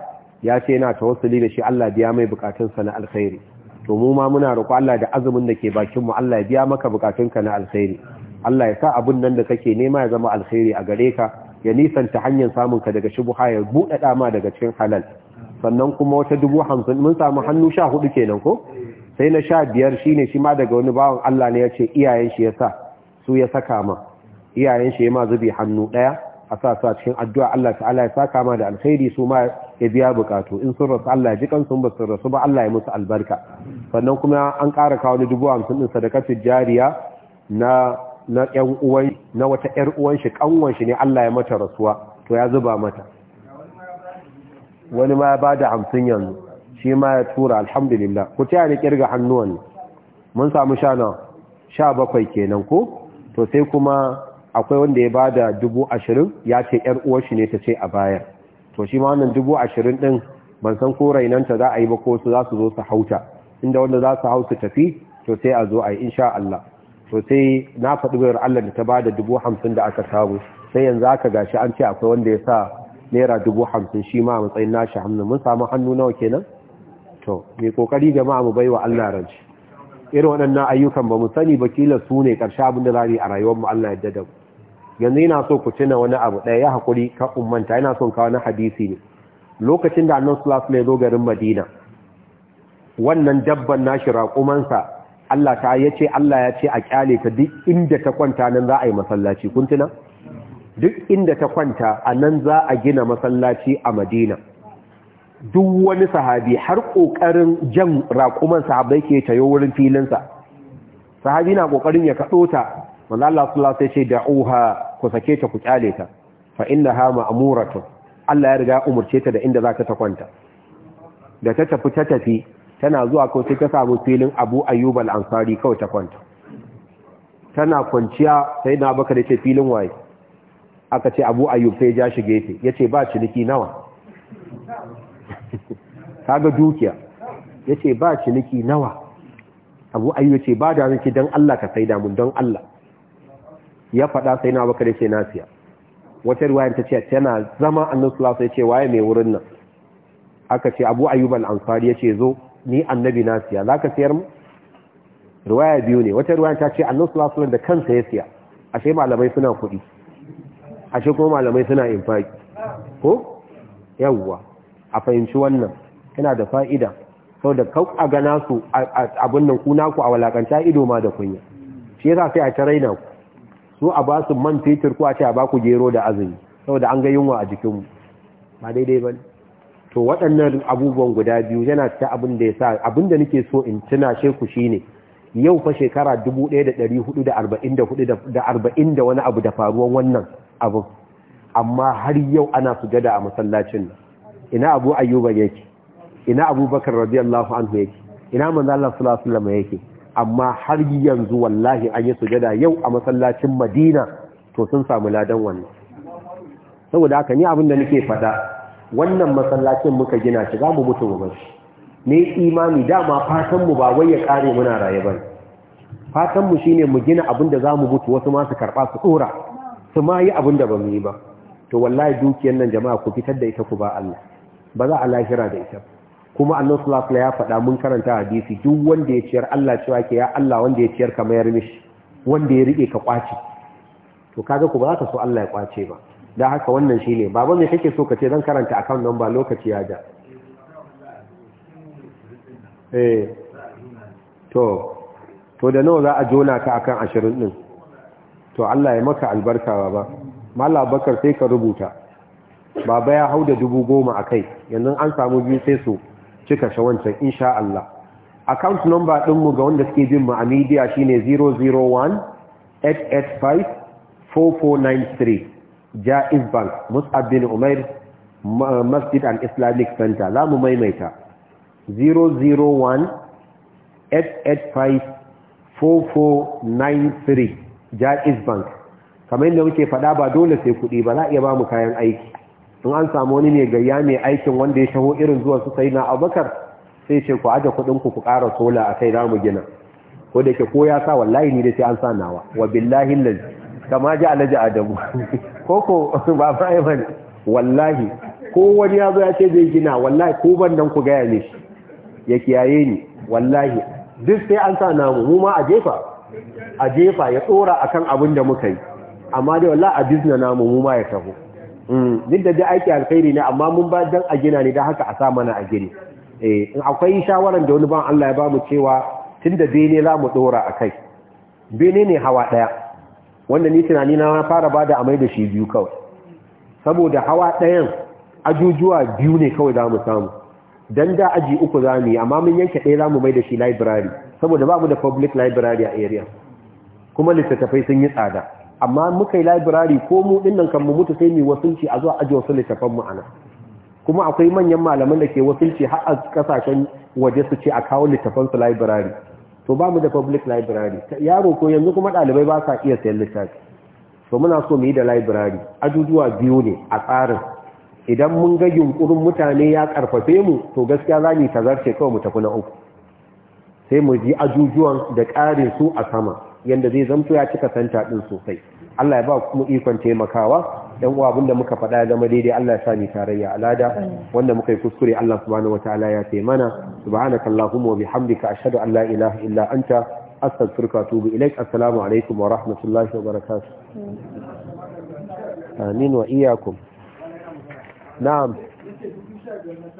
ya ce yana tawassuli da shi Allah biya mai bukatunsa na alkhairi to mu ma muna roƙo Allah da azumin da ke bakin mu Allah ya biya maka bukatunka na alkhairi Allah ya sa abun nan da kake nema ya zama alkhairi a gare ka ya nisanta hanyar samun ka daga shubuha ya buɗe ma daga cikin halal sannan kuma wata dubu hamsin mun samu hannu sha hudu kenan ko sai na sha biyar shi ne shi ma daga wani bawan Allah ne ya ce iyayen shi ya sa su ya saka ma iyayen shi ya ma zubi hannu ɗaya a sa sa cikin addu'a Allah ta'ala ya sa kama da alkhairi su ma ya biya bukatu in sun rasu Allah ya ji kansu ba sun rasu ba Allah ya musu albarka sannan kuma an ƙara kawo ni dubu hamsin ɗin sadaka jariya na ƴan uwan na wata ƴar uwan shi ƙanwan shi ne Allah ya mata rasuwa to ya zuba mata wani ma ya da hamsin yanzu shi ma ya tura alhamdulillah ku ta da kirga hannuwan mun samu sha na sha bakwai kenan ko to sai kuma akwai wanda ya bada dubu ashirin ya ce yar uwar shi ne ta ce a bayar to shi ma wannan dubu ashirin din ban san ko ta za a yi ba ko su za su zo su hauta inda wanda za su hau su tafi to sai a zo a yi insha Allah to sai na faɗi bayar Allah da ta bada dubu hamsin da aka samu sai yanzu aka gashi an ce akwai wanda ya sa naira dubu hamsin shi ma a matsayin nashi hannu mun samu hannu nawa kenan to mai kokari jama'a mu baiwa Allah ranci irin waɗannan ayyukan ba mu sani ba kila su ne ƙarshe abin da zai a rayuwar mu Allah ya dada yanzu ina so ku tuna wani abu ɗaya ya haƙuri ka ummanta ina son kawo na hadisi ne lokacin da annan sulasu ne zo garin madina wannan dabban nashi raƙumansa Allah ta ya Allah ya ce a kyale ka duk inda ta kwanta nan za a yi masallaci kun tuna duk inda ta kwanta a nan za a gina masallaci a madina duk wani sahabi har ƙoƙarin jan raƙuman sahabai ke tayo wurin filinsa sahabi na ƙoƙarin ya kaɗo ta wanda Allah su ce da uha ku sake ta ku ƙyale ta fa inda ha ma'amuratu Allah ya riga umarce ta da inda za ta kwanta da ta tafi ta tafi tana zuwa kawai sai ta samu filin abu ayyub al-ansari kawai ta kwanta tana kwanciya sai na baka da ce filin waye aka ce abu ayyub sai ya ja shi gefe ya ce ba ciniki nawa kaga dukiya yace ba ciniki nawa abu ayyu yace ba da nake dan Allah ka saida mun don Allah ya fada sai na bakare sai nasiya wata riwayar ta ce tana zama annabi sallallahu alaihi wasallam yace waye mai wurin nan aka ce abu ayyub al-ansari yace zo ni annabi nasiya zaka sayar mu ruwaya biyu ne wata riwaya ta ce annabi sallallahu alaihi wasallam da kansa ya siya ashe malamai suna kuɗi ashe kuma malamai suna infaki ko yawwa a fahimci wannan yana da fa'ida sau da kau a gana su abin nan kuna ku a walakanta ido ma da kunya shi yasa sai a ta raina ku su a ba su man fetur ku a ce a ba ku gero da azumi saboda an ga yunwa a jikinmu ba daidai ba to waɗannan abubuwan guda biyu yana ta abin da ya sa abin da nake so in tuna sheku ne, yau fa shekara 1444 da da wani abu da faruwan wannan abu amma har yau ana sujada a masallacin nan ina abu ayyuba yake ina abubakar radiyallahu anhu yake ina manzo Allah sallallahu alaihi wasallam yake amma har yanzu wallahi an yi sujada yau a masallacin Madina to sun samu ladan wannan saboda haka ni abin da nake fada wannan masallacin muka gina shi za mu mutu mu shi. ne imani dama fatan mu ba wai ya kare muna raye ba fatan mu shine mu gina abin da zamu mutu wasu ma su karba su dora su ma yi abin da ba mu yi ba to wallahi dukiyar nan jama'a ku fitar da ita ku ba Allah ba za a lahira da ita kuma annan sulafula ya faɗa mun karanta hadisi duk wanda ya ciyar Allah cewa ke ya Allah wanda ya ciyar ka mayar mishi wanda ya riƙe ka ƙwace to kaga ku ba za ka so Allah ya ƙwace ba da haka wannan shi ne baban mai kake so ka ce zan karanta nan ba lokaci ya da eh to to da nawa za a jona ka akan ashirin din to Allah ya maka albarka ba mallam bakar sai ka rubuta baba ya hau da dubu goma a kai yanzu an samu biyu sai su cika shi wancan insha Allah account number ɗinmu ga wanda suke bin mu a media shine 001-885-4493 jaiz bank mus'ab bin umair masjid and islamic center za mu maimaita 001-885-4493 jaiz bank kamar yadda muke faɗa ba dole sai kuɗi ba za a iya ba mu kayan aiki in an samu wani mai gayya mai aikin wanda ya shaho irin zuwa su sai na abubakar sai ce ku aje kudin ku ku ƙara sola a kai ramu gina ko da ke ko ya sa wallahi ni da sai an sa nawa wa billahi lazi kama ji alaji adamu ko ko ba ba bane wallahi ko wani ya zo ya ce zai gina wallahi ko ban nan ku gaya ne ya kiyaye ni wallahi duk sai an sa namu mu ma a jefa a jefa ya tsora akan abin da muka yi amma dai wallahi a bizna namu mu ma ya taho Mm. duk da dai aiki alkhairi ne amma mun ba dan a gina ne da haka a sa mana a gini eh, in akwai shawarar da wani ban Allah ya ba mu cewa tunda bene za mu dora a kai bene ne hawa ɗaya. wanda ni tunani na fara ba da amai da shi biyu kawai saboda hawa ɗayan ajujuwa biyu ne kawai za mu samu dan da aji uku za mu yi amma mun yanke ɗaya za mu mai da shi library saboda ba mu da public library a area kuma littattafai sun yi tsada amma muka yi library ko mu dinnan kan mu mutu sai mu wasulci a zuwa aji wasu littafan mu ana kuma akwai manyan malaman da ke wasulci har a kasashen waje su ce a kawo littafan su library to ba mu da public library yaro ko yanzu kuma ɗalibai ba sa iya sayan littafi to muna so mu yi da library ajujuwa biyu ne a tsarin idan mun ga yunkurin mutane ya karfafe mu to gaskiya za mu tazarce kawai mu tafi na uku sai mu ji ajujuwan da ƙarin su a sama yanda zai zamto ya cika santa ɗin sosai Allah ya ba mu ikon taimakawa yan uwa abinda muka faɗa ya zama daidai Allah ya sa ni tarayya alada wanda muka yi kuskure Allah subhanahu wataala ya ce mana subhanaka allahumma wa bihamdika ashhadu an la ilaha illa anta astaghfiruka wa atubu ilaik assalamu alaikum wa rahmatullahi wa barakatuh amin wa iyyakum na'am